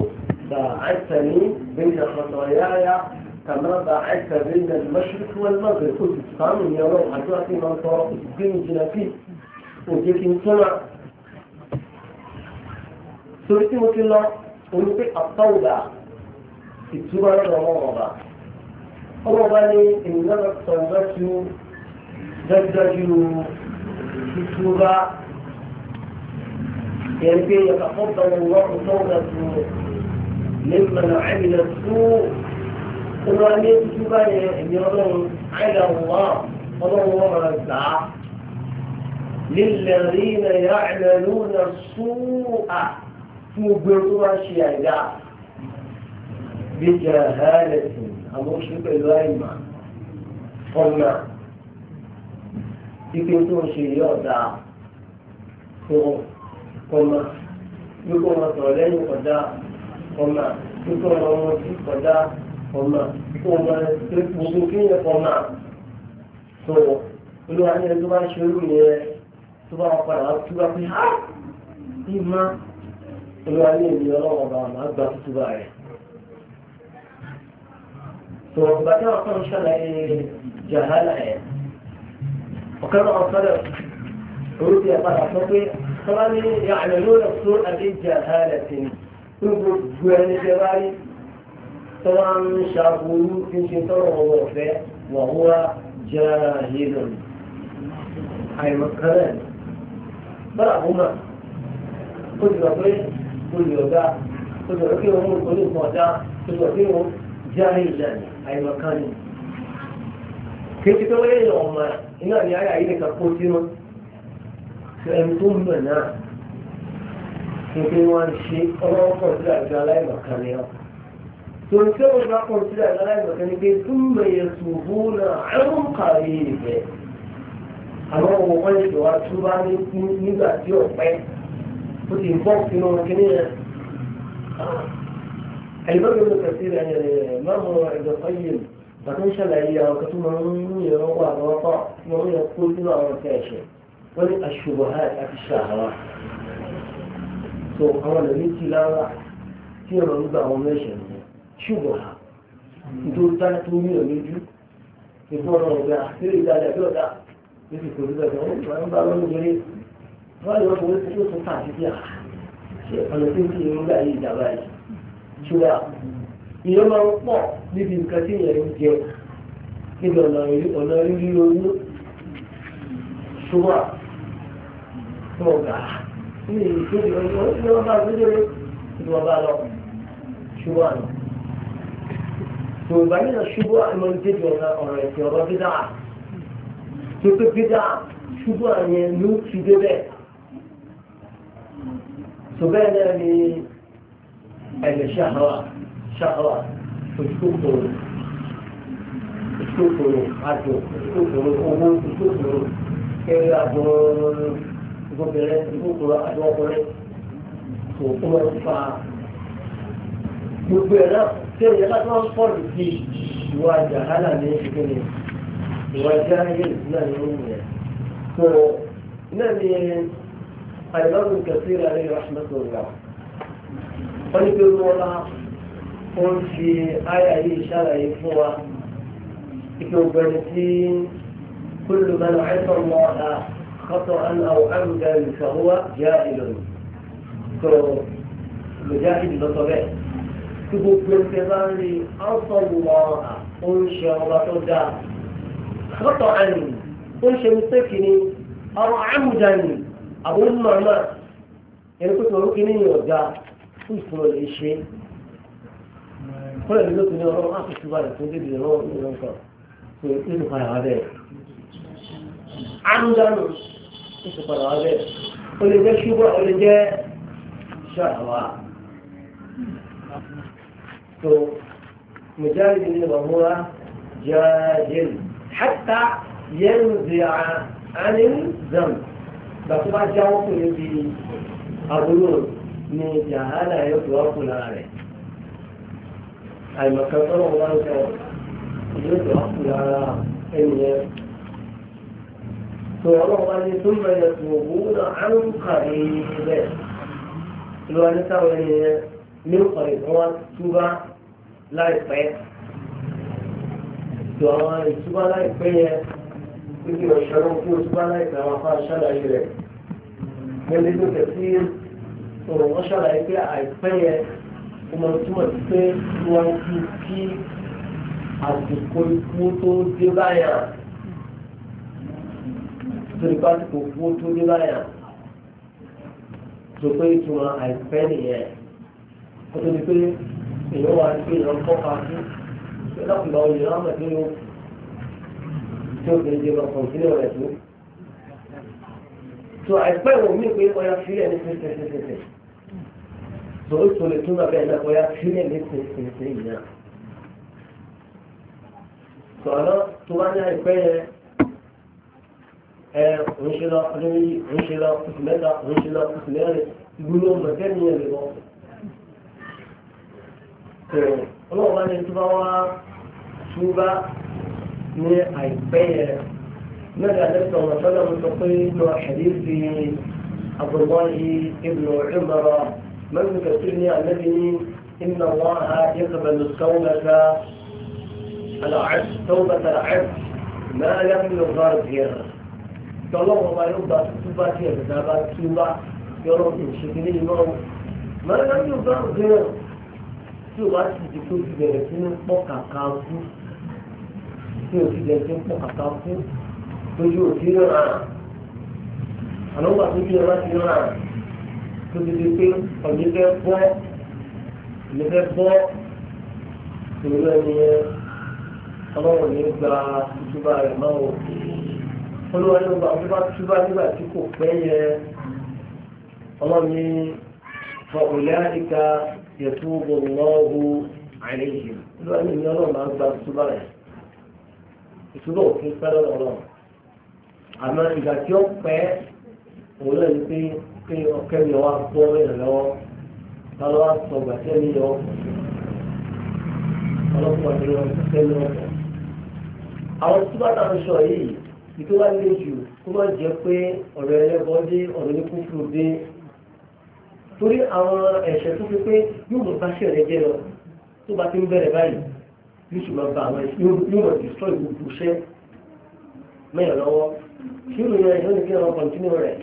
bàá ẹ̀sẹ̀ ní bẹ́ẹ̀ كما بعثت بين المشرق والمغرب قلت فهم يرون حتواتي من طرق الدين جنافي وجيك سمع سورتي مكلا ونبي الطوبة في الزبرة رمضة رمضة إنما الطوبة دجاج في الزبرة يعني يتقبل الله صورة ممن عمل السوء ọmọ alẹ́ tuntun báyẹn ẹ̀mí ọlọ́run àìlà wà ọlọ́run wọn máa gbà á lílẹ̀ rí ilẹ̀ yá ẹ̀rẹ̀ lónà súnà fún gbogbo tó bá ṣe àìdá bí jẹ́ ẹ̀hẹ́rẹ́sì àwọn oṣù pẹ̀lú àìmà ọ̀nà ipe tó ń ṣe yọ̀ dáa fún ọmọ bí kò sọ̀rọ̀ lẹ́yìn kọjá ọmọ bí kò wọn wọn kọjá ọ̀nà kó o máa ṣe gbogbo kí yẹn kọ̀ náà tó olúwa ní ẹni tó bá ń ṣe irú yẹn tó bá wọn padà wá túbà pé á bí má olúwa ní èmi ọlọ́wọ́ bá wọn àgbà túbà rẹ̀. tó ọgbà tí wọn kàn ń ṣàlàyé jàhálà ẹ̀ ọ̀kan náà sọ́dọ̀ orúkọ ẹ̀ padà sọ pé sọ́lá ní ìyá àlẹ́ ló lọ sórí àdéjà hálẹ̀ gbogbo ẹni jẹ báyìí tọ́wọ́ ń ṣàbùrú kí n ṣe tọ́rọ̀ ọwọ́ ọ̀fẹ́ wà wúwa jẹ́ àhílò àìmọ̀kẹ́rẹ́ bọ́lá àbúmọ̀ ó ti rọ̀ pé olùyọ̀gá olùyọ̀gá kí wọ́n mú olùkọ́ ọ̀dá olùyọ̀gá kí wọ́n jẹ́ àhílò àìmọ̀kẹ́rẹ́ kí n ti tọ́wọ́ yẹn ọ̀mà iná ni ayé àyè nìkan kó sínú ẹni tó ń bẹ̀ náà kí n ti wọ́n ṣe ọlọ́wọ́ sí àjọ aláìmọ̀kẹ́rẹ́ náà. تنكر ما na لا غير مكانك ثم يتوبون عمقا به àwọn ọmọ wọn lè wá tó bá ní nígbà tí ọ̀pẹ́ ti bọ́ sínú kínní ah. rẹ̀. àyùbọ́dọ̀ ló kẹsí rẹ̀ ẹ̀ mọ́mọ́ ẹ̀dọ̀ fáyé bàtà ń ṣàlàyé àwọn kan tó máa ń yẹ̀rọ wà lọ́wọ́ pọ̀ tí wọ́n yẹ kó nínú àwọn na ṣùgbọ́n nítorí dáná tó ní ọ̀nà ojú ìfọ̀nà ọ̀gá sílẹ̀ ìdájà bí ọ̀dà níbi kò sí bẹ̀rẹ̀ wọ́n máa ń bá lọ́nà ìgbéré wọ́n lè wọ́n tó yóò tún pàṣẹ sí à ṣe ọ̀nà tí ń fi irun gbà yí ìjàmbá yìí ṣùgbọ́n ìyẹn máa ń tó ń báyìí lọ ṣubú àmọ́ débi ọ̀rọ̀ ọ̀rọ̀ ẹ̀sìn ọ̀rọ̀ bídà tó pé bídà ṣubú àyẹn ló ti débẹ̀ tó bẹ́ẹ̀ náà ni ẹ̀jẹ̀ ṣàhàwà ṣàhàwà òṣìkòkòrò òṣìkòkòrò àjò òṣìkòkòrò owó òṣìkòkòrò kẹrẹ àjò ìgbọ̀bẹ̀rẹ̀ ìgbọ̀kòrò àjò ọkùnrin tó kọ́ fa gbogbo ẹ̀ náà. tí ó yẹ láti wọ́n fọ́ọ̀rù sí ìwà jàhálà ní ìpín ní ìwà jáhálà náà ní ìwọ̀n yẹn tó náà ní àìlọ́dún kẹsí rẹ̀ ní rahmatullah wọ́n ní pé wọ́lá ó ń fi àyà yìí ṣàlàyé fún wa ìpè ògbẹ́ni tí kúlù mẹ́rin àìsàn mọ́ ọ̀la kọ́tọ̀ àná àwọn àrùn gẹ̀ẹ́lì fàwọ́ jáhìlì tó lò jáhìlì lọ́tọ̀ bẹ́ẹ̀. tí gbogbo ẹgbẹ́ bá ń rí ọ̀sọ̀wọ̀ oúnjẹ ọba tó dáa. lọ́tọ̀ àyìn ó ń ṣe mistake ni ọ̀rọ̀ àmúdá ni àbúrò màmá ẹni pé tòun kí níyìn ọ̀gá fún ìṣòro lè ṣe. kọ́lẹ̀ nílò tó ní ọ̀rọ̀ máa fi ṣubá rẹ̀ tó débi ìrọ̀ ìrọ̀ kan tó ń tó padà wá bẹ́ẹ̀. àmúdá nù ń tó padà wá bẹ́ẹ̀. ó lè jẹ́ ṣubá ó lè jẹ́ ṣàwá. تو مجالد بن ضمورة جاجل حتى ينزع عن الزم بس ما جاوبت يبي أبلور من جهالة يطلق لاره أي ما طلع الله جاوب يطلق لاره إن فوالله ثم يتوبون عن قريب لو أنت من قريب هو توبة láìpẹ́ tó àwọn ìtúbá láìpẹ́ yẹn níbi ọ̀ṣọ́rọ́ fún ìtúbá láìpẹ́ àwọn afá ṣàlàyé rẹ̀ níbi tó tẹ̀sí ọ̀rọ̀ wọn ṣàlàyé pé àìpẹ́ yẹn ó máa túmọ̀ sí pé wọ́n ti kí àsìkò ikú tó dé báyà torí pásítọ̀ ikú tó dé báyà tó pé ìtumọ̀ àìpẹ́ nìyẹn kó tó di pé èèyàn wà ní èèyàn tọ́ka sí ṣé lákùnbà olè rámẹ̀ nínú tí ó fi jẹ́ lọ́kàn sílẹ̀ rẹ̀ tó. tó àìpẹ́ wò mí pé ọya sílẹ̀ ní tẹ́tẹ́tẹ́tẹ́ tó ó tó lè tún náà bẹ́ẹ̀ náà ọya sílẹ̀ ní tẹ́tẹ́tẹ́ yìí náà. sọ̀rọ̀ tó bá ní àìpẹ́ yẹn òun ṣe lọ ọdún yìí òun ṣe lọ oṣù mẹ́ta òun ṣe lọ oṣù mẹ́rin gbúlọ́ mọ̀tẹ́ni ọlọ́run bá ní tó bá wá túbá ní àìpẹ́ yẹn mẹ́ta lẹ́sọ̀ ọ̀rọ̀ sọ́dọ̀ mo sọ pé lọ àdéhùn àgbọ̀gbọ́ yìí ìlú ìmọ̀ràn mẹ́rin kẹsì ní àlẹ́bí ní ìnà wọn á yẹ kẹbẹ̀lú sọ́wọ́lẹ́ta sọ́wọ́lẹ́ta tí o bá ti di tó ti bẹ̀rẹ̀ sí ní pọ̀ kàkà fún tí o ti bẹ̀rẹ̀ sí ní pọ̀ kàkà fún lójú òtí náà àlọ́gbà tó ti náà ti náà tó ti di pé ọ̀dẹ́ fẹ́ bọ́ ọ̀dẹ́ fẹ́ bọ́ ìlú ẹni yẹn ọlọ́wọ́ ní gba ìtúbà rẹ̀ máa wò olúwa ní gba ìtúbà túbà nígbà tí kò pẹ́ yẹ ọlọ́ni fọ àdìgá. يتوب الله عليهم لو أن يرى ما أكبر سبحانه ìṣòro òfin fẹ́rẹ́ ọ̀rọ̀ àmọ́ ìgbà tí ó pẹ́ òun náà ní pé pé ọ̀kẹ́ mi wá gbọ́ mẹ́rin lọ́wọ́ ta ló wá sọ ìgbà tí ẹni yọ ọlọ́pàá tí wọ́n ti tẹ́lẹ̀ ọ̀pọ̀. àwọn tí bàtà ń sọ yìí ìtọ́wá lè jù kó má jẹ́ pé ọ̀rọ̀ ẹlẹ́bọ dé ọ̀rọ̀ ní kúkúrú dé torí àwọn ẹ̀ṣẹ̀ tó fi pé yóò mọ̀ bá ṣe rẹ̀ jẹ́ lọ tó bá ti ń bẹ̀rẹ̀ báyìí yóò sì máa ba àwọn ẹ̀ṣẹ̀ yóò mọ̀ destroy gbogbo iṣẹ́ mẹ́yàn lọ́wọ́ tí irú yẹn yóò ní kí wọ́n continue rẹ̀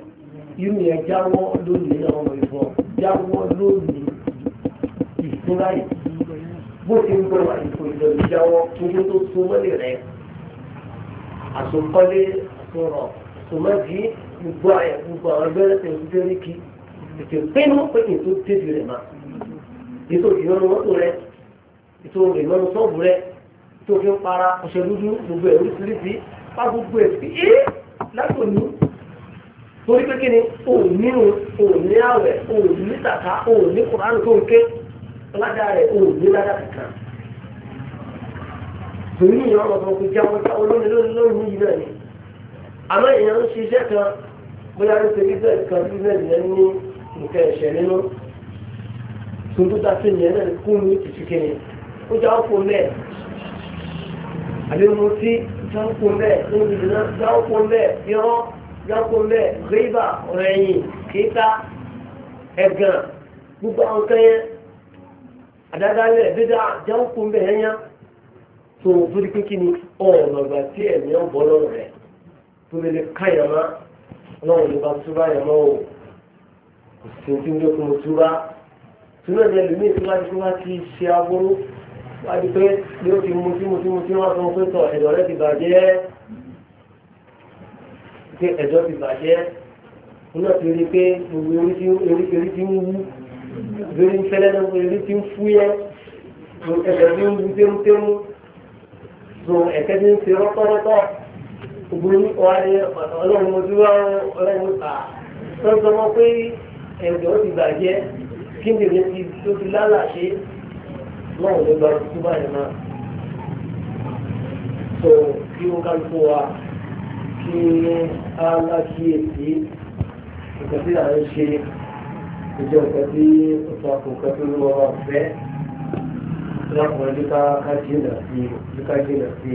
irú yẹn jáwọ́ lónìí náà wọ́n mọ̀ ìfọ̀ jáwọ́ lónìí ìsìn báyìí bó ti ń gbọ́ àìkò ìdọ̀lù jáwọ́ tuntun tó so mọ́lẹ̀ rẹ̀ àsokọ́lé àsorọ̀ àsomọ́jì gbogbo àyẹ̀kú gbogbo àwọn ẹgbẹ́rẹ́ tẹ̀ tètè pinnu pé kí n tó tètè rẹ̀ máa ètò ìyọnu mọ́tò rẹ̀ ètò ìyọnu sọ́ọ̀bù rẹ̀ ètò òfin para ọ̀ṣẹ́ dúdú gbogbo ẹ̀ oríṣiríṣi bá gbogbo ẹ̀ fi é látò ní torí pé kí ni o nínú o ní àwẹ̀ o ní tàkà o ní kùránù tó ń ké ládà rẹ̀ o ní ládà kankan torí ìyọnu ọ̀sán kò jáwọ́ jáwọ́ lónìí lónìí lónìí yìí náà ni àmọ́ ìyẹn ṣiṣẹ́ kan bóyá ló ṣe bíbẹ̀ kan bíbẹ̀ yẹn ní nǹkan ẹ̀ṣẹ̀ nínú tòótọ́ sí ìyẹn náà kú mi tìtù kìíní ó já ó fún bẹ́ẹ̀ àbí mo ti já ó fún bẹ́ẹ̀ ó ti dùn náà já ó fún bẹ́ẹ̀ yọ́ já ó fún bẹ́ẹ̀ rébà ọ̀rọ̀ ẹ̀yìn kíta ẹ̀gàn gbogbo àwọn kan yẹn àdádálẹ̀ dídá já ó fún bẹ́ẹ̀ tó o tó di ọ̀nà ìgbà tí ẹ̀mí ọ̀ bọ́ rẹ̀ tó lè ká ọlọ́run ló bá tó bá yàrá kò sí ní kò túbá túbá ní ẹlòmí ìtura tí wọ́n ti ṣe aburú wọ́n á di pé ní ó ti mu tí mu tí mu tí wọ́n sọ pé tọ̀ ẹ̀dọ̀ rẹ ti bàjẹ́ pé ẹ̀dọ̀ ti bàjẹ́ wọ́n náà ti rí i pé gbogbo erí ti ń wú lórí ń fẹ́lẹ́ náà erí ti ń fúyẹ́ ẹ̀dọ̀ ti ń wú témútémú so ẹ̀kẹ́ ti ń ṣe rọ́tọ́rọ́tọ́ gbogbo ọlọ́run mo ti wá ọlọ́run ta ó sọ wọn pé ẹ̀dọ́ ti bàjẹ́ kí ni ìrìn ti tó ti lálàṣe náà ló gba tó báyìí náà tó kí ó ká tó wa kí alákìyèsí nǹkan tí à ń ṣe ìjọ nǹkan tí ọ̀tọ̀ àkókò tó lọ́wọ́ wa fẹ́ lákùnrin ká jìnà sí bí ká jìnà sí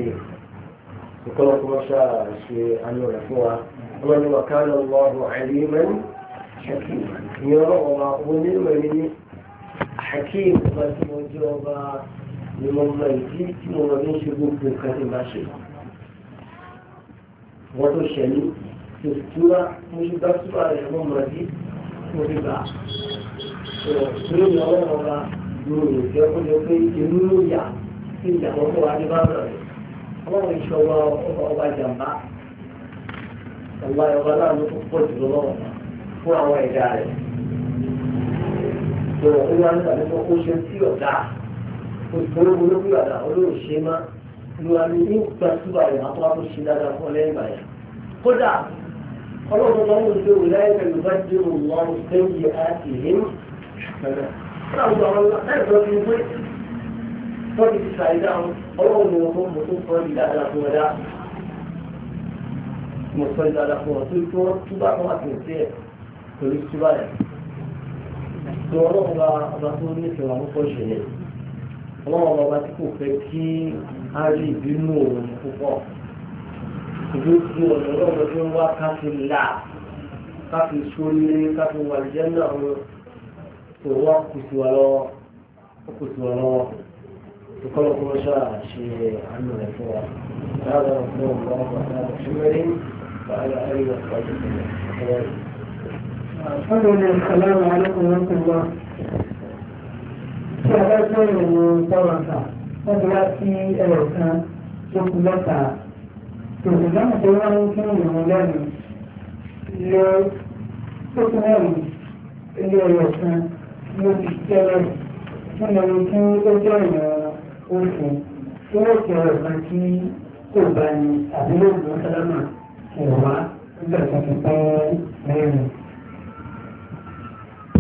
nǹkan ṣáà ṣe àánú rẹ̀ fún wa. ومن الله عليما hakim ìyẹn ọlọ́wọ́ bá onímọ̀ ẹni ní hakim ọba tí mo jẹ́ ọba ni mo mọ ìdí tí mo mọ bí ń ṣe gbogbo nǹkan tí bá ṣe wọ́n tó ṣẹlú tó túra mo ṣe bá túra rẹ̀ mo mọ ìdí tí mo fi gbà ṣòro ìyẹn ọlọ́wọ́ bá dúró ìfẹ́ kó jọ pé ìlú ló yà kí ìyàwó tó wà ní bá bẹ̀rẹ̀ ọlọ́run ìṣọwọ́ ọba jàmbá ọba ìwọlá ló tó pọ̀ jù lọ́wọ́ fún àwọn ẹ̀dá rẹ̀ tó ó wá nípa nípa ó tí ọ̀dà olóògùn ló bí ọ̀dà olóògùn ṣe má lu àmì ní ìgbà tí wà yẹn àpò àpò ṣe dáadáa fún ọlẹ́yìn ìgbà kódà ọlọ́run tó ń lò ó lẹ́yìn pẹ̀lú bá dé òun lọ́rùn sẹ́yìn àti ìhìn ṣùgbọ́n láwùjọ àwọn láì sọ fún pé wọ́n ti ṣàìdá ọlọ́run ni wọ́n mú tó sọ ìdáadáa fún ọ̀dà mo sọ ìdáadáa fún ọ̀ tó tó bá wọn àti ìṣe torí tí báyìí tí ọlọ́run bá ọba tó nífẹ̀ẹ́ wọn púpọ̀ ṣẹlẹ̀ ọlọ́run bá ọba tí kò fẹ́ kí á rí ìbínú òun púpọ̀ ìlú tí ọ̀nà ọlọ́run tó ń wá ká fi là ká fi sóríire ká fi wà jẹ́ náà wọn kò wá kùsù wà lọ́wọ́ kùsù wà lọ́wọ́ ìkọlọ̀ kọ́ ṣáà ṣe àánú rẹ̀ fún wa. هذا رسول الله وعلى محمد وعلى اله وصحبه وسلم Fọ́dọ̀lẹ̀ ìsàlámù aláìkùn lọ́kùn lọ. Tí a bá jẹ́ ìròyìn tọ́wọ̀ta, wọ́n ti wá sí ẹ̀rọ kan tó kú lọ́ta. Tòun náà tó wá ń fún ìròyìn lẹ́nu. Lọ tó kú mẹ́rin ilé ẹ̀rọ kan ló ti tẹ́lẹ̀ fún ẹni tí ó jẹ́ ìrìn oṣù tí wọ́n ti ẹ̀rọ kan tí kò bá ní àbílẹ̀ ìgbọ́n sálámà ẹ̀wá nígbà tó ti pẹ́ mẹ́rin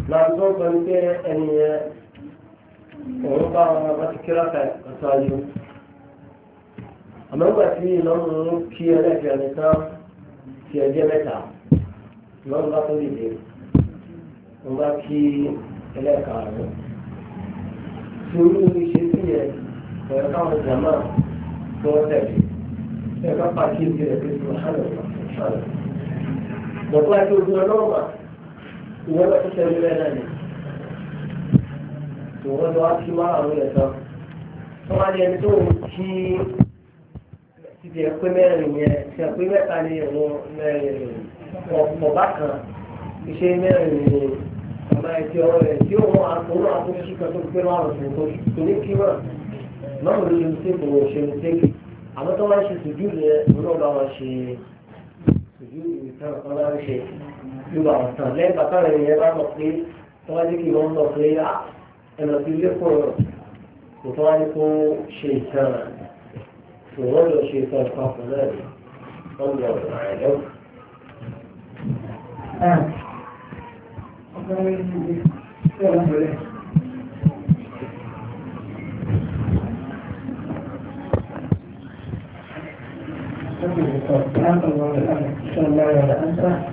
máa tó sọ ní pé ẹni yẹn òun bá wọn bá ti kíra ká ìṣáájú àmọ́ nígbà tí ìlọ́mù ń kí ẹlẹ́kẹ̀ẹ́ nìkan ti ẹgbẹ́ mẹ́ta ìlọ́mù bá tó dìde òun bá kí ẹlẹ́kàárún tí olúwo ṣe sí yẹn ẹ̀rọ káwọn jàmá tó wọ́n tẹ̀lé ẹ̀ka pàkíyèsí rẹ̀ pé sùn hàn lọ́wọ́ bọ̀dọ̀ àti ojú ọlọ́wọ́ ìwọ́n bá ti ṣẹlẹ̀ bẹ́ẹ̀ náà ni ìwọ́n lọ wá sí máa àwọn èèyàn tán wọ́n wá ní ẹni tó ń kí ibi ẹ̀pẹ́ mẹ́rin yẹn ti ẹ̀pẹ́ mẹ́ta ní ìwọ̀n mẹ́rin eh, ọ̀pọ̀bá kan iṣẹ́ mẹ́rin ni ọ̀nà ìdí ọ̀rọ̀ rẹ̀ tí òun àtúnú àtúnṣe kan tó gbé márùn-ún tó ní kí wọ́n náà ló ṣe ń tẹ́ kò ṣe ń tẹ́ kì àmọ́ tó wá ń ṣe sùjú yẹn òun náà bá wọn ṣe sùjú ìtàn ọ̀nà ń ṣe yóò bá wọn tàn lẹ́yìn bàtà rẹ̀ yẹn bá mọ̀ pé wọ́n wá ní kí wọ́n mọ̀ pé ẹnà tí ilé pọ̀ kò tó wá ní kó ṣe ìtàn kò wọ́n lọ ṣe ìtàn papọ̀ náà ni wọ́n lọ rà Thank you.